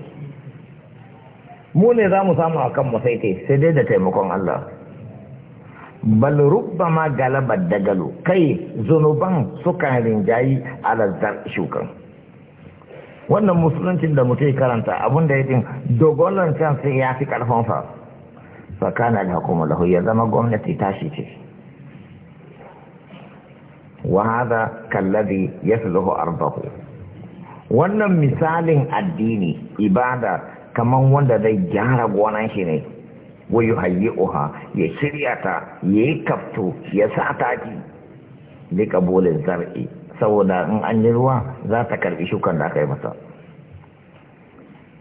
mu ne za mu samu a mu sai kai sai dai da taimakon Allah bal rubbama galabar dagalo kai zunuban sukan rinjayi zar shukan wannan musuluncin da mutai karanta abin da ya din dogolan can sai ya fi karfan fa fakana da hukuma lahu ya zama gwamnati tashi ce wa hadha kallazi yasluhu ardahu wannan misalin addini ibada kaman wanda zai gyara gonan shi ne wa yuhayyi'uha ya shirya ta yayi kafto ya sa taki li qabulin zar'i saboda in an yi ruwa za ta karbi shukan da aka yi masa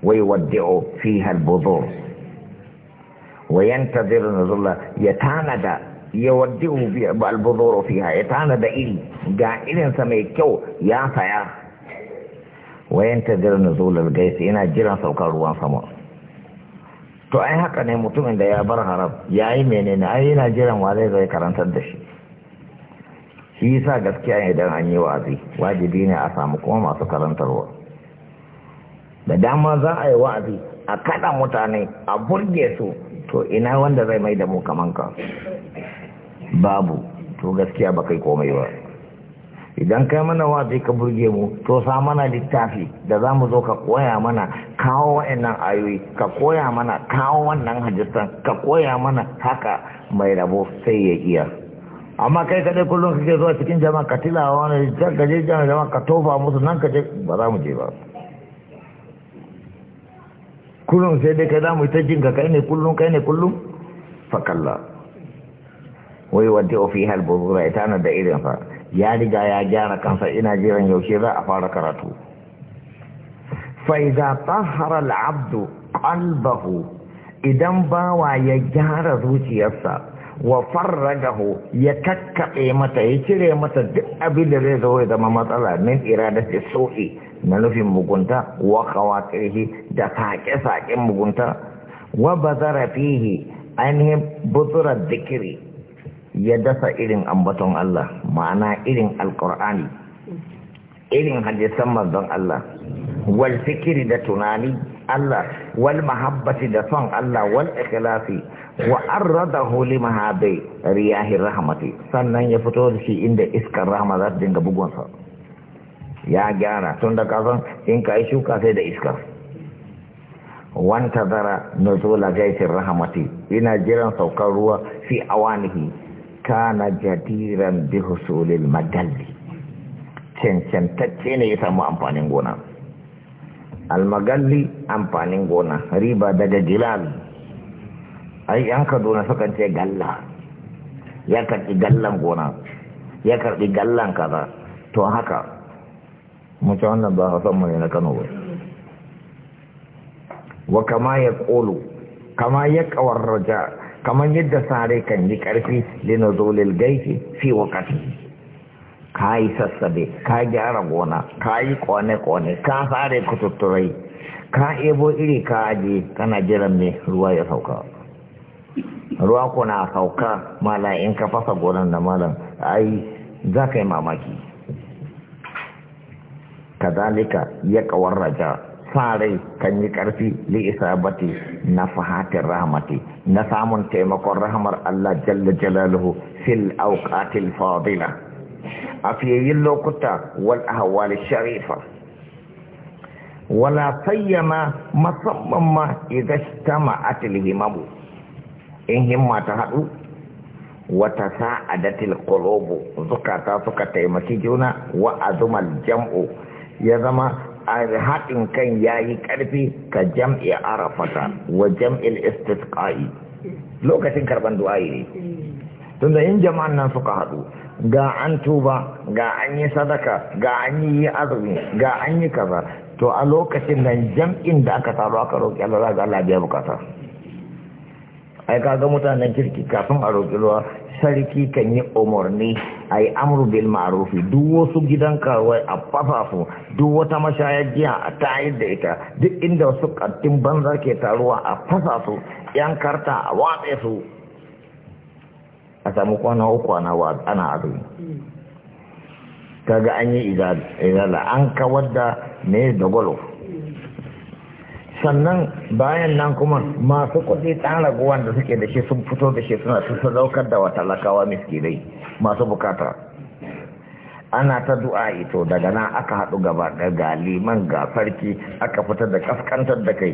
wai waddi'u fiha al-budur wa yantazir nuzulla ya tanada ya waddi'u bi al-budur fiha ya tanada iri ga irinsa mai kyau ya saya wayan ta tadir zolar gaisi yana jiran saukar ruwan sama to ai haka ne mutumin da ya bar haram yayi menene ai yana jiran wa zai zai karantar da shi shi yasa gaskiya idan an yi wa'azi wajibi ne a samu kuma masu karantarwa da dama za a yi wa'azi a kada mutane a burge su to ina wanda zai mai da mu kamanka babu to gaskiya ba kai komai ba idan kai mana wazi ka burge mu to sa mana littafi da za mu zo ka koya mana kawo wa'annan ayoyi ka koya mana kawo wannan hajjistan ka koya mana haka mai rabo sai ya iya amma kai kadai kullum kake zuwa cikin jama'a ka tilawa wani jan ka je jama'a ka tofa musu nan ka je ba za mu je ba kullum sai dai kai za mu yi ta jin ka kai ne kullum kai ne kullum fakalla wai wadda ofi halburu ita na da irin fa ya riga ya gyara kansa ina jiran yaushe za a fara karatu faiza tahara al'abdu qalbahu idan bawa ya gyara zuciyarsa wa farragahu ya kakkaɓe mata ya cire mata duk abin da zai zo ya zama matsala min da su'i na nufin mugunta wa kawatirhi da sake-saken mugunta wa bazara fihi ainihin buzurar zikiri ya dasa irin ambaton Allah ma'ana irin alkur'ani irin hadisan manzon Allah wal fikiri da tunani Allah wal mahabbati da son Allah wal ikhlasi wa arradahu li mahabbi riyahi rahmati sannan ya fito da shi inda iskar rahma za ta dinga bugun sa ya gyara tun da kasan in kai shuka sai da iskar wanta zara nuzula gaisin rahmati ina jiran saukar ruwa fi awanihi كان جديرا بحصول المجل cancantacce ne ya samu amfanin gona almagalli amfanin gona riba daga gilali ai yan kaduna sukan ce galla ya karbi gallan gona ya karbi gallan kaza to haka mace wannan ba hausan mai na kano ba wa kama ya kolo kama ya kawar raja kamar yadda sare kan yi ƙarfi zolil gaiki fi wakati ka yi sassabe ka gyara gona ka yi kone-kone ka sare kututturai ka ebo iri ka aje kana jiran mai ruwa ya sauka ruwa na sauka mala in ka fasa gonan da malam ai za ka yi mamaki kazalika ya kawar raja sarai kan yi ƙarfi li isabati na fahatin rahmati na samun taimakon rahmar Allah jalla jalaluhu fil auqatil fadila a fiyayin lokuta wal ahwal sharifa wala sayyama musamman ma idan atil himamu in himma ta haɗu wata sa'adatil qulubu zukata suka taimaki juna wa azumal jam'u ya zama haɗin kan ya yi ƙarfi ka jam'i arafata wa jam'il istisqa'i lokacin karban du'a'i ne tunda in jama'an nan suka haɗu ga an tuba ga an yi sadaka ga an yi azumi ga an yi kaza to a lokacin nan jam'in da aka taru aka roƙi Allah za ga Allah biya bukata ai kaga mutanen kirki kafin a roƙi ruwa sarki kan yi umarni a yi amru bil duk wasu gidan karuwai a fafafu duk wata mashayar jiya a tayar da ita duk inda wasu kantin banza ke taruwa a fafafu yan karta a watsa su a samu kwana uku ana ana azumi kaga an yi izala an kawar da ne da golf sannan bayan nan kuma masu kuɗi ɗan raguwan da suke da shi sun fito da shi suna su da wa talakawa miskinai masu bukata ana ta du'a ito daga nan aka haɗu gaba ga liman ga farki aka fita da kaskantar da kai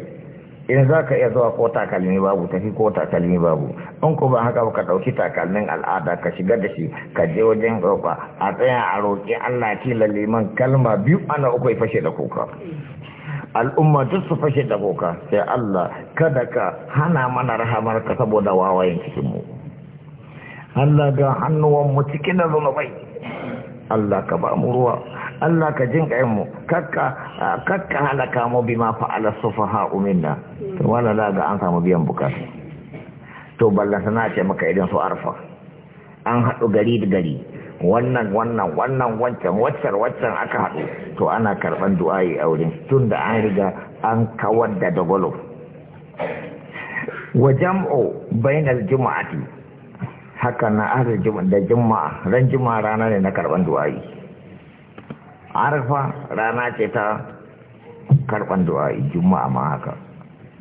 in za ka iya zuwa ko takalmi babu tafi ko takalmi babu in ko ba haka ka ɗauki takalmin al'ada ka shiga da shi ka je wajen roƙa a tsaya a roƙi allah kila liman kalma biyu ana uku fashe da kuka al'umma duk su fashe da boka sai Allah kada ka hana mana rahamar ka saboda wawayen cikin mu Allah ga hannuwan mu cikin zunubai Allah ka ba mu ruwa Allah ka jin mu kakka kakka halaka mu bima fa'ala sufaha umminna to wala la ga an samu biyan bukata to ballan sana ce maka idan su arfa an haɗu gari da gari wannan wannan wannan wancan waccan waccan aka haɗu to ana karɓar du'a'i a wurin tun da an riga an kawar da dagwalo wa bainar bainal juma'ati haka na arin da juma'a ran juma'a rana ne na karɓar du'a'i arfa rana ce ta karɓar yi, juma'a ma haka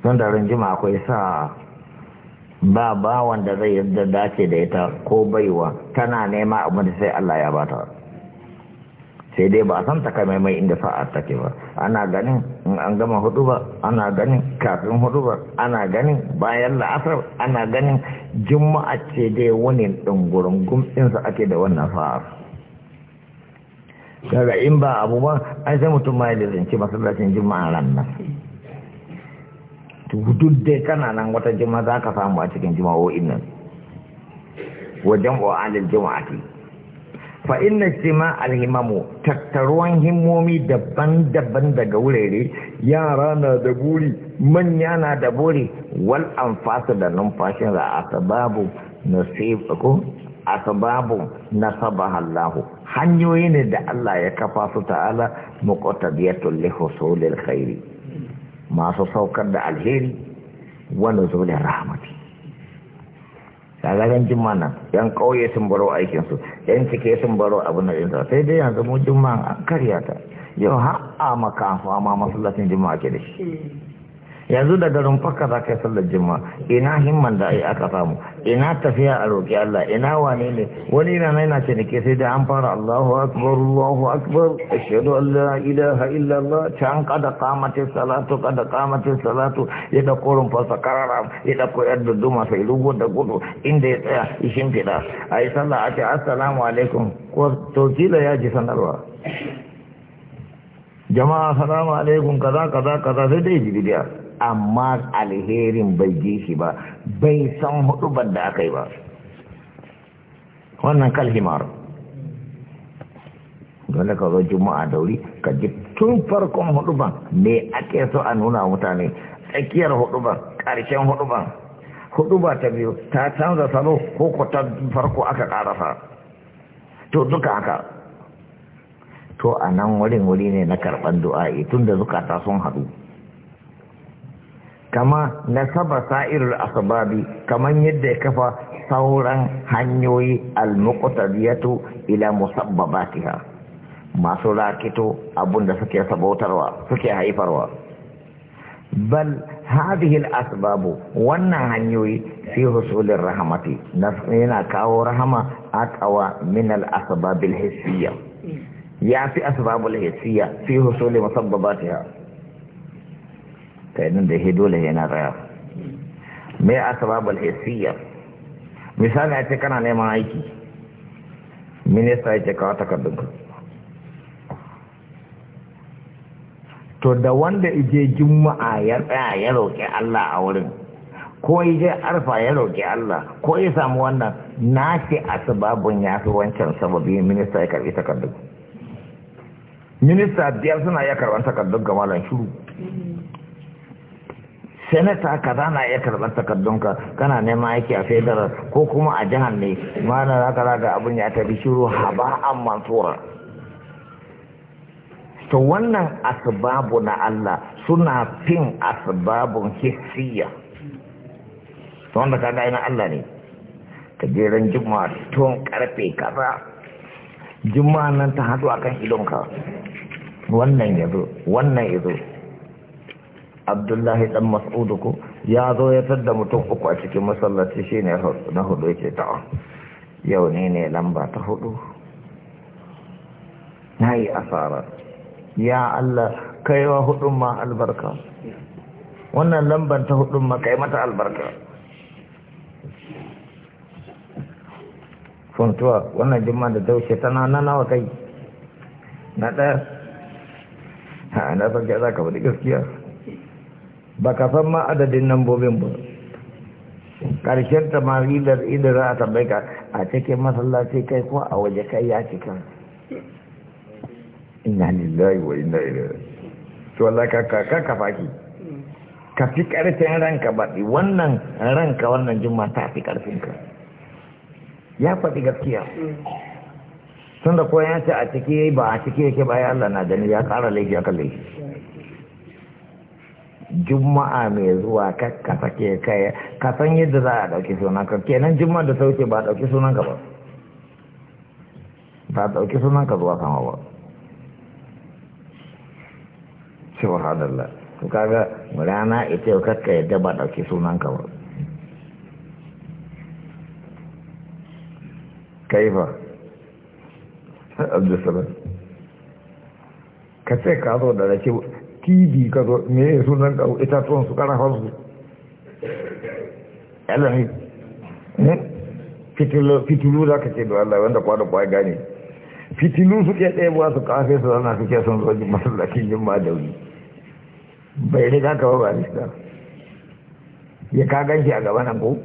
tun da ran juma'a akwai sa ba bawan da zai yadda dace da ita ko baiwa tana nema abu da sai Allah ya bata sai dai ba a san takamaimai inda sa'a take ba ana ganin in an gama hudu ba ana ganin kafin hudu ba ana ganin bayan la'asar ana ganin juma'a ce dai wani ɗin gurin gumsinsa ake da wannan sa'a daga in ba abu ba an sai mutum ma ya zanci masallacin juma'a ran nan duk dai kana nan wata jima za ka samu a cikin jima'o'in nan wajen jima'a jima'ati fa inna jima alhimamu tattaruwan himmomi daban-daban daga wurare yara na da buri manya na da buri wal anfasu da numfashin a sababu sababu na nasabaha Allah hanyoyi ne da Allah ya kafa su ta'ala ya li husulil khairi masu saukar da alheri wanda zuwa rahmati jimma nan yan kauye sun baro aikinsu yan cike sun baro abin da yanzu sai dai yanzu mu jimma an karyata yau har a makafa ma masallacin jima'a ke da shi hmm. yanzu daga rumfarka za ka yi sallar jima ina himman da aka samu ina tafiya a roƙi Allah ina wane ne wani na yana ce ke sai da an fara Allahu akbar Allahu akbar ashhadu an la ilaha illa Allah can kada qamatis salatu kada qamatis salatu ya da korun fasa karara ya da koyar da duma sai rugo da gudu inda ya tsaya ya shimfida yi sallah a ce assalamu alaikum ko to kila ya ji sanarwa jama'a salamu alaikum kaza kaza kaza sai dai jibiya amma alherin bai je shi ba bai san hudubar da aka yi ba wannan kalhimar wanda ka zo juma'a da wuri ka ji tun farkon ban me ake so a nuna mutane tsakiyar hudu ban hudu ba ta biyu ta canza salo ko ko ta farko aka karafa to duka haka to a nan wurin wuri ne na karɓar du'a'i tun da zukata sun haɗu kama nasaba sa'irul asbabi kaman yadda ya kafa sauran hanyoyi al-muqtadiyatu ila musabbabatiha masu rakito abunda suke sabautarwa suke haifarwa bal hadhihi al-asbabu wannan hanyoyi fi husulir rahmati yana kawo rahama aqwa min al-asbabil hissiyya ya fi asbabul hissiyya fi husuli musabbabatiha ta yadda da dole yana raya mai asbabul hissiyya misali a ce kana neman aiki minista ya ce kawo takardunka to da wanda ije juma'a ya tsaya ya roƙi Allah a wurin ko ije arfa ya roƙi Allah ko ya samu wannan Na ce asbabun ya fi wancan sababi minista ya karɓi takardun minista biyar suna iya karɓar takardun ga malam shuru senata kaza na iya karɓar takardunka kana neman aiki a federal ko kuma a jihar ne mana za ka zaga abin ya tafi shiru haba an mansura to wannan asbabu na Allah suna fin asbabun hissiya to wanda ka ga na Allah ne ka jeran juma'a tun karfe kaza juma'a nan ta haɗu akan idonka wannan yazo wannan yazo abdullahi dan mas'udu ko ya zo ya tadda mutum uku a cikin masallaci shine na hudu yake ta'a yau ne ne lamba ta hudu na yi asara ya Allah wa hudun ma albarka wannan lamban ta hudun ma kai mata albarka funtuwa wannan jimma da daushe tana na nawa kai na ɗaya na sarki za ka faɗi gaskiya ba ka san ma adadin nambobin ba karshen ta ma inda za a tambaye ka a cikin masallaci kai ko a waje kai ya cika ina lillahi wa ina ilaihi to Allah ka ka ka ka faki ka fi karfin ranka baɗi wannan ranka wannan juma ta fi ka. ya faɗi gaskiya Tunda ko ya ce a ciki ba a ciki yake ba ya Allah na gani ya ƙara laifi akan laifi juma'a mai zuwa ka sake kai ka san yadda za a ɗauki sunanka kenan juma'a da sauke ba ɗauki sunanka ba ba ɗauki sunanka zuwa sama ba cewa hadalla to kaga rana ita yau kakka yadda ba ɗauki sunanka ba kaifa abdulsalam ka ce ka zo da rake tibi ka zo me sunan ka itatuwan su karafan su ne? Hmm? fitilu za ka ce da Allah wanda kwada kwa gane fitilu suke ɗaya su kafe su zana suke son zuwa masallakin jimma da wuri bai ne ka ba ne da ya ka ganshi a gaban nan ko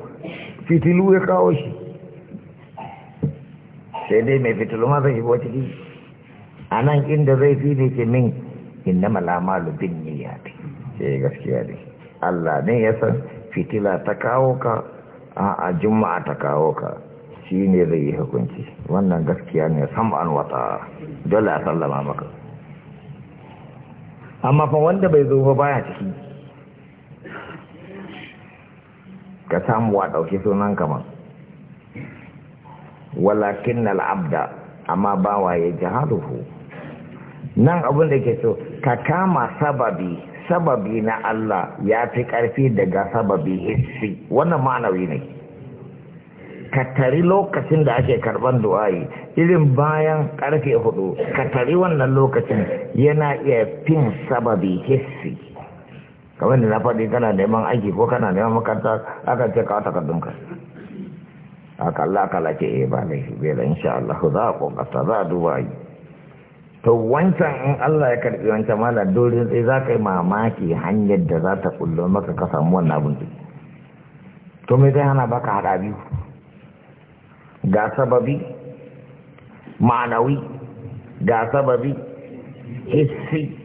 fitilu ya kawo shi sai dai mai fitilu ma zai shigo ciki a nan inda zai fi ne ke min inna lamalu bin niyyati sai eh, gaskiya ne Allah ne ya san fitila ta kawo ka a juma'a ta kawo ka shi ne zai yi hukunci wannan gaskiya ne sam an wata dole a sallama maka amma fa wanda bai zo ba baya ciki ka samu wa ɗauki sunan kama walakin al'abda amma bawa ya jahaluhu nan abin da ke so ka kama sababi sababi na Allah ya fi ƙarfi daga sababi hissi wannan ma'anawi ne ka tari lokacin da ake karban du'ayi irin bayan ƙarfe hudu ka tari wannan lokacin yana iya fin sababi hissi kamar da na faɗi kana neman aiki ko kana neman makaranta aka ce ka takardunka haka Allah kala ce ba laifi bai insha Allah za a kokata za a duba yi to wancan in Allah ya karɓi wancan mala dole sai za ka yi mamaki hanyar da za ta kullo maka ka samu wannan abin da. to me zai hana baka haɗa biyu ga sababi ma'anawi ga sababi hissi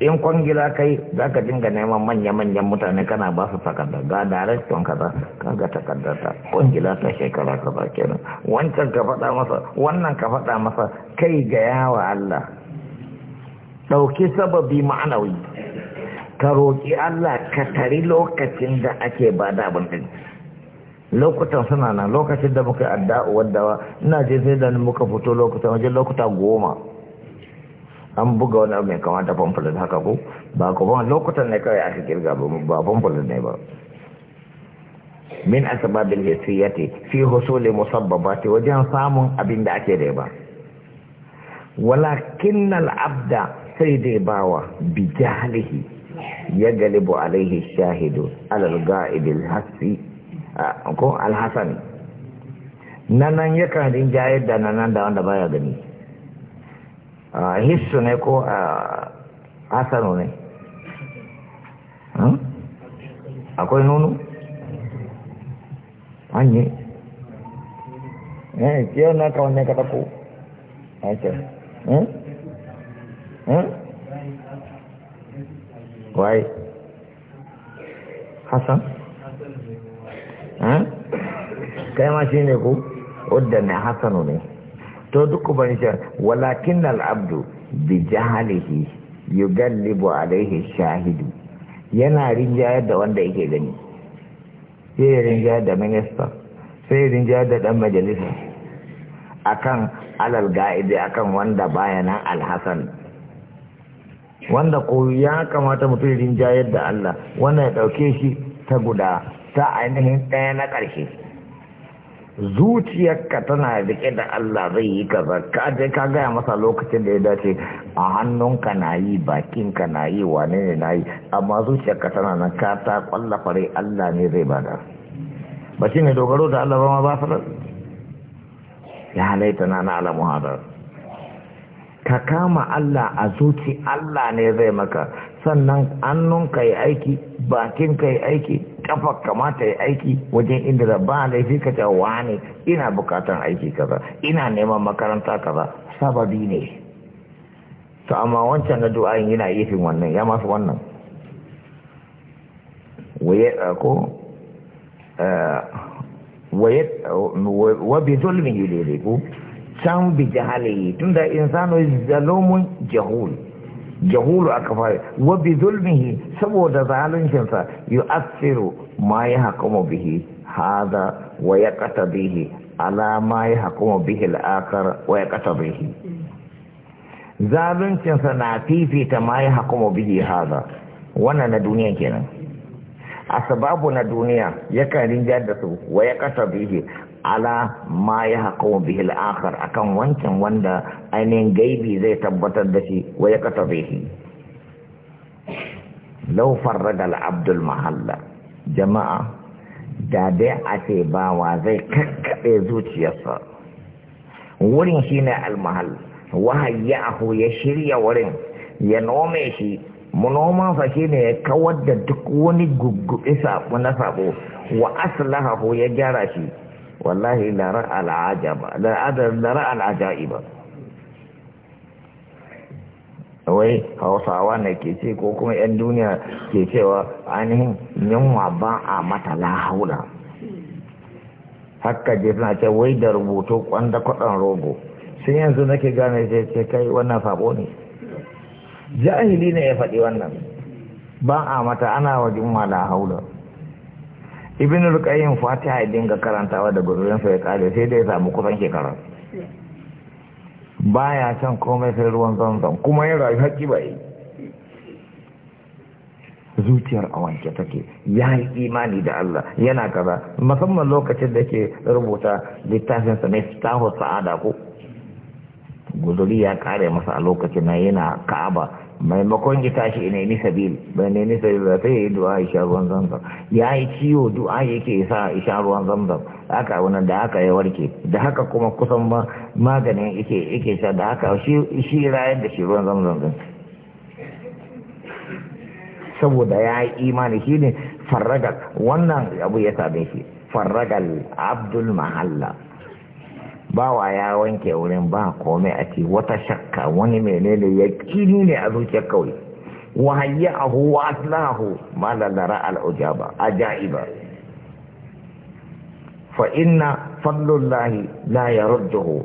in kwangila kai za ka dinga neman manya-manyan mutane kana ba su takarda ga darakton kaza kaga takarda ta kwangila ta shekara kaza kenan wancan ka faɗa masa wannan ka faɗa masa kai ga yawa Allah ɗauki sababi ma'anawi ka roƙi Allah ka tari lokacin da ake ba da abin din lokutan suna nan lokacin da muka addu'a wadda ina je sai da muka fito lokutan wajen lokuta goma an buga wani abu mai kama da haka ko ba kuma lokutan ne kawai aka kirga ba pamphlet ne ba min asbabil hisiyati fi husuli musabbabati wajen samun abin da ake da ba walakin abda sai dai bawa bi jahlihi ya galibu alaihi shahidu alal al hasi ko alhasan nanan yakan rinjayar da nanan da wanda baya gani hissu ne ko a asano ne hmm? akwai nunu anye eh kiyo na ka wanne kata ko ake eh hmm? eh hmm? wai hasan eh kai ma shi ne ku wadda ne hasanu ne to duk ban sha walakin al'abdu bi jahalihi yugallibu alaihi shahidu yana rinjayar da wanda yake gani sai ya rinjayar da minista sai ya da dan majalisa akan alal ga'idi akan wanda baya nan alhasan wanda ko ya kamata mutum rinjayar da Allah wannan ya dauke shi ta guda ta ainihin ɗaya na ƙarshe zuciyarka tana rike da Allah zai yi kaza ka je ka gaya masa lokacin da ya dace a hannunka na yi bakinka na yi wane ne na yi amma zuciyarka tana nan ka ta kwalla fare Allah ne zai bada ba shi ne dogaro da Allah ba ma ba da ya halaita na ala alamu ka kama Allah a zuci Allah ne zai maka sannan hannunka yi aiki bakinka yi aiki kafa kamata ya aiki wajen inda da ba laifi ka ce ne ina bukatar aiki kaza ina neman makaranta kaza sababi ne to amma wancan na du'ayin yana yifin wannan ya masu wannan waye eh, ko eh, waye wa bi zulmin yudiliku can bi tunda insanu zalumun jahul jahulu a fara wa bi zulmihi saboda zaluncinsa yu'assiru ma ya hakama bihi hada wa ya kata bihi ala ma ya hakama bihi al'akar wa ya kata bihi zaluncinsa na fifita ma ya hakama bihi hada wannan na duniya kenan asbabu na duniya yakan rinjar da su wa ya kata bihi ala ma ya haƙo bihil akhar akan wancan wanda ainihin gaibi zai tabbatar da shi wa ya kata bihi Laufar ragal abdul mahalla jama'a da dai a ce bawa zai kakkaɓe zuciyarsa wurin shi ne almahal wahayyahu ya shirya wurin ya nome shi sa shi ne ya kawar da duk wani gugguɓi na sabo wa aslahahu ya gyara shi wallahi la ra'a al'ajaba la al'ajaiba wai hausawa ne ke ce ko kuma 'yan duniya ke cewa ainihin yunwa ba a mata lahaula haka je suna ce wai da rubutu kwanda kwaɗan rogo Sun yanzu nake gane ce ce kai wannan sabo ne jahili ne ya faɗi wannan ba a mata ana wa jumma lahaula ibn ruqayyin fatiha ya dinga karantawa da gurbin ya kare sai da ya samu kusan shekara baya san komai sai ruwan zanzan kuma ya rayu haƙi ba zuciyar a wanke take ya yi imani da Allah yana kaza musamman lokacin da ke rubuta littafinsa ne fitahu sa'ada ko guzuri ya kare masa a lokacin na yana ka'aba maimakon ji tashi ina ni sabil ba ne ni sabil ba sai du'a ya sha ruwan zamzam ya yi ciwo du'a yake sa ya sha ruwan zamzam haka wani da haka ya warke da haka kuma kusan ma maganin yake yake sha da haka shi shi rayar da shi ruwan zamzam din saboda ya yi imani shi ne farraga wannan abu ya same shi farragal abdul mahalla bawa ya wanke wurin ba komai a ce wata shakka wani menene ya kini ne a zuciyar kawai wahayya a huwa aslahu malalara al'ujaba ajaiba fa inna fadlullahi la yarudduhu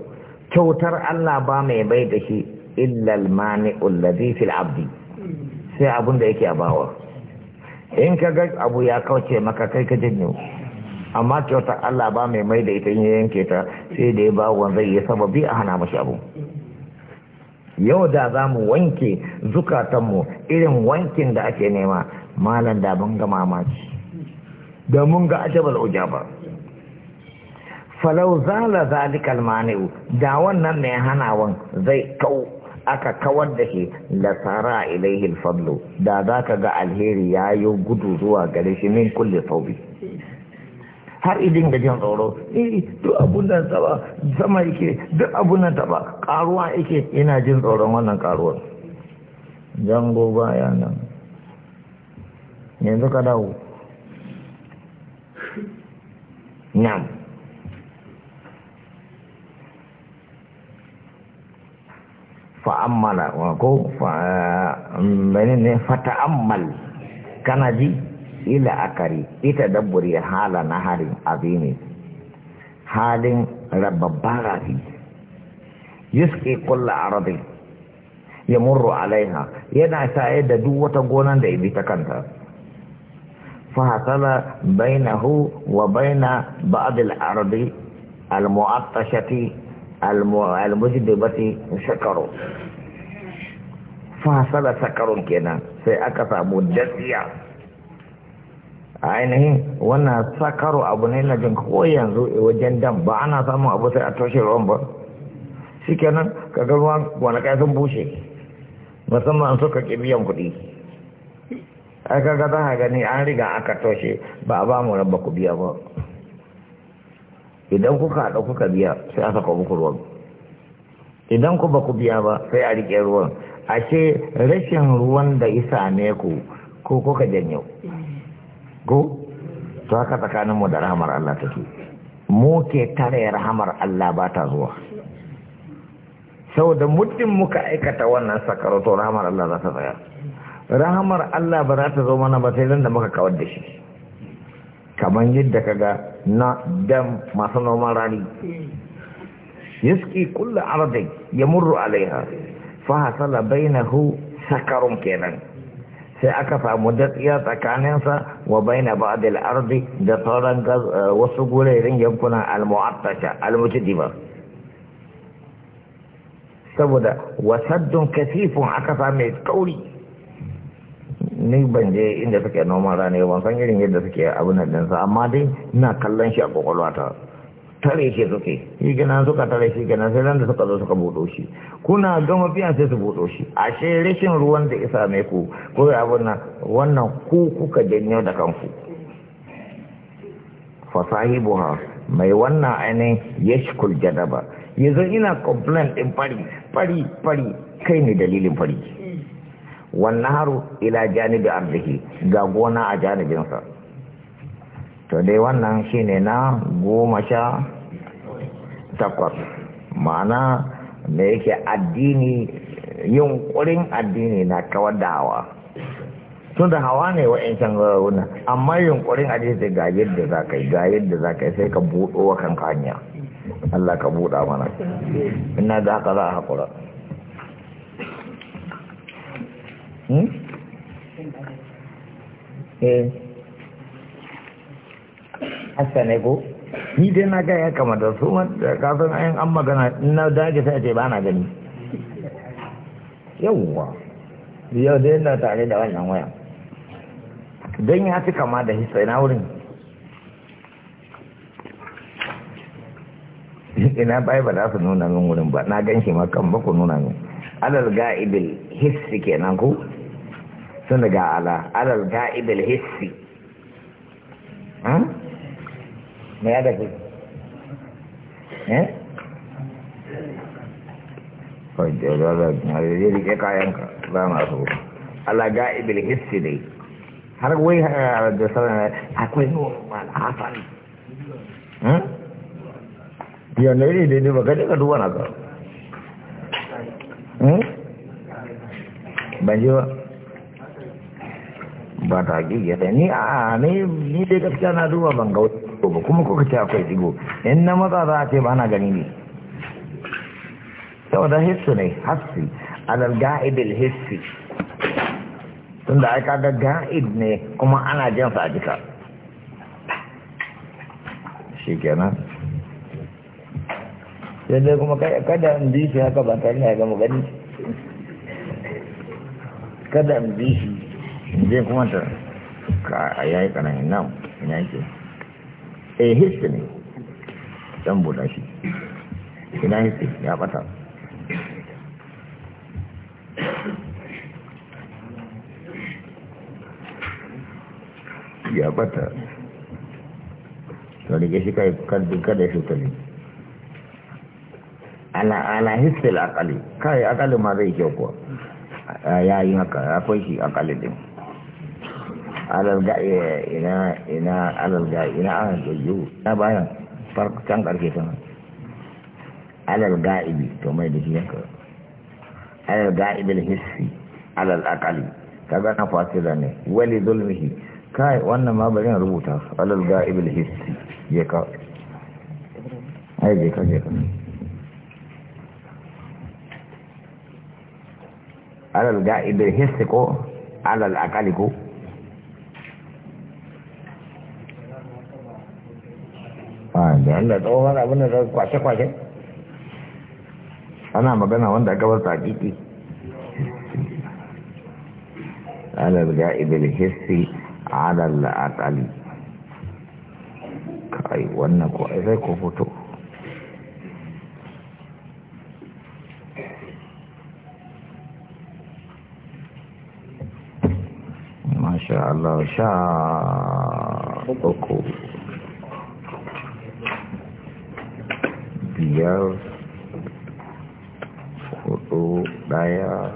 kyautar Allah ba mai bai da shi illal mani alladhi fil abdi sai abunda da yake a bawa in ka ga abu ya kauce maka kai ka janyo amma kyauta Allah ba mai mai da ita yanke ta sai da ya ba zai yi sababi a hana mashi abu yau da za mu wanke zukatanmu irin wankin da ake nema malam da mun ga mamaci da mun ga ajabal ujaba falau zala zalikal mani'u da wannan mai hanawan zai kau aka kawar da shi la a ilaihi alfadlu da zaka ga alheri yayo gudu zuwa gare shi min kulli saubi har idin da jin tsoro eh duk abun da taba sama yake duk abun da taba karuwa yake ina jin tsoron wannan karuwar jango baya nan yanzu ka dawo nam fa'ammala ko fa mm, ne fata'ammal kana ji yi la'akari ita dabburi hala na harin azimi halin rababban rafi yuske kulla arabi ya murru alaiha yana shayar da duk wata gonan da ibi ta kanta fahasala bainahu wa baina ba'dil arabi al-mu'attashati al-mujdibati shakaru fahasala shakarun kenan sai aka samu datsiya ainihin wannan sakaro abu ne na jin ko yanzu wajen dam ba ana samun abu sai a toshe ruwan ba shi kenan kaga ruwan kai sun bushe musamman suka ƙi biyan kuɗi ai kaga za a gani an riga aka toshe ba a ba mu ba ku biya ba idan kuka haɗa kuka biya sai a saka muku ruwan idan ku ba ku biya ba sai a riƙe ruwan ashe rashin ruwan da isa ne ku ko kuka janyo Ko to haka tsakaninmu da rahamar Allah take mu ke tare rahamar Allah ba ta zuwa saboda muddin muka aikata wannan sakaroto rahamar Allah za ta tsaya rahamar Allah ba za ta zo mana ba sai nan da muka kawar da shi kamar yadda ga na dam masu noman rani yaski kullu ya murru alaiha fa hasala bainahu sakarun kenan sai aka samu datsiya tsakaninsa wa bai baina ba'dil ardi da sauran eh, wasu gurairin yankunan al-mu'attasha al saboda wasaddun kasifun aka same kauri ni ban je inda suke noman rana ban san irin yadda suke abin nan amma dai ina kallon shi a kwakwalwata tare shi suke shi kenan suka tare shi gina sai da suka zo suka buɗo shi kuna gama biyan sai su buɗo shi ashe rashin ruwan da isa mai ku ko abin nan wannan ku kuka janyo da kanku fasahi buha mai wannan ainihin yashkul jadaba yanzu ina complain din fari fari fari kai ne dalilin fari wannan haru ila janibi arziki ga gona a janibinsa to dai wannan shine na goma sha takwas ma'ana da yake addini ƙurin addini na kawar da hawa tun da hawa ne wa'yancan wuna amma yin ƙurin addini ga yadda za ka yi ga yadda za ka yi sai ka buɗo wa kan hanya Allah ka buɗa mana ina za ka za a haƙura hmm? eh hasa ko ni dai na ga ya da su kafin ayin an magana na dage sai ce ba na gani yawwa yau dai na tare da wannan waya don ya fi kama da hisa ina wurin ina bai ba za su nuna min wurin ba na gan shi makan ba ku nuna min alal ga'ibil hissi kenan ku sun ga ala alal ga'ibil hissi hmm? me ya dace eh kai da da na yi rike kayan ka ba na so ala har da sanar akwai no mal hasan ah, ah, eh ne ne dai ba ka duba na ka eh ban ji ba ba ta gigita ni a ni dai gaskiya na duba ban ga ba kuma kuka ce akwai tsigo in na matsa za a ce ba na gani ne da hissu ne hassi alal ga'idil hissi da ai kaga ga'id ne kuma ana jin sa a jika shi kenan sai dai kuma kada in bi shi haka ba tare a gama gani kada in bi shi je kuma ta ka yayi kanan nan yake eh hissi ne dan buɗa shi ina hissi ya ɓata ya ɓata to rike shi kai kardin kada shi tali ala ala hissi al akali kai akali ma zai kyau kuwa ya yi haka akwai shi akali din alal ga ina ina alal ga ina an ah, gayu na bayan farko can karfe ta alal ga'ibi to mai da hiyanka alal ga'ibil hissi alal aqali kaga na fasila ne wali zulmihi kai wannan ma bari rubuta su alal ga'ibil hissi je ka ai je ka je ka alal ga'ibil hissi ko alal akali ko da Allah tsohon abin da za kwashe-kwashe ana magana wanda gabar tsakiki ala ga ibil hissi ala al'adali kai wannan ko zai ko fito Allah sha uku biyar hudu daya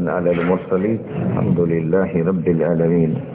على المرسلين الحمد لله رب العالمين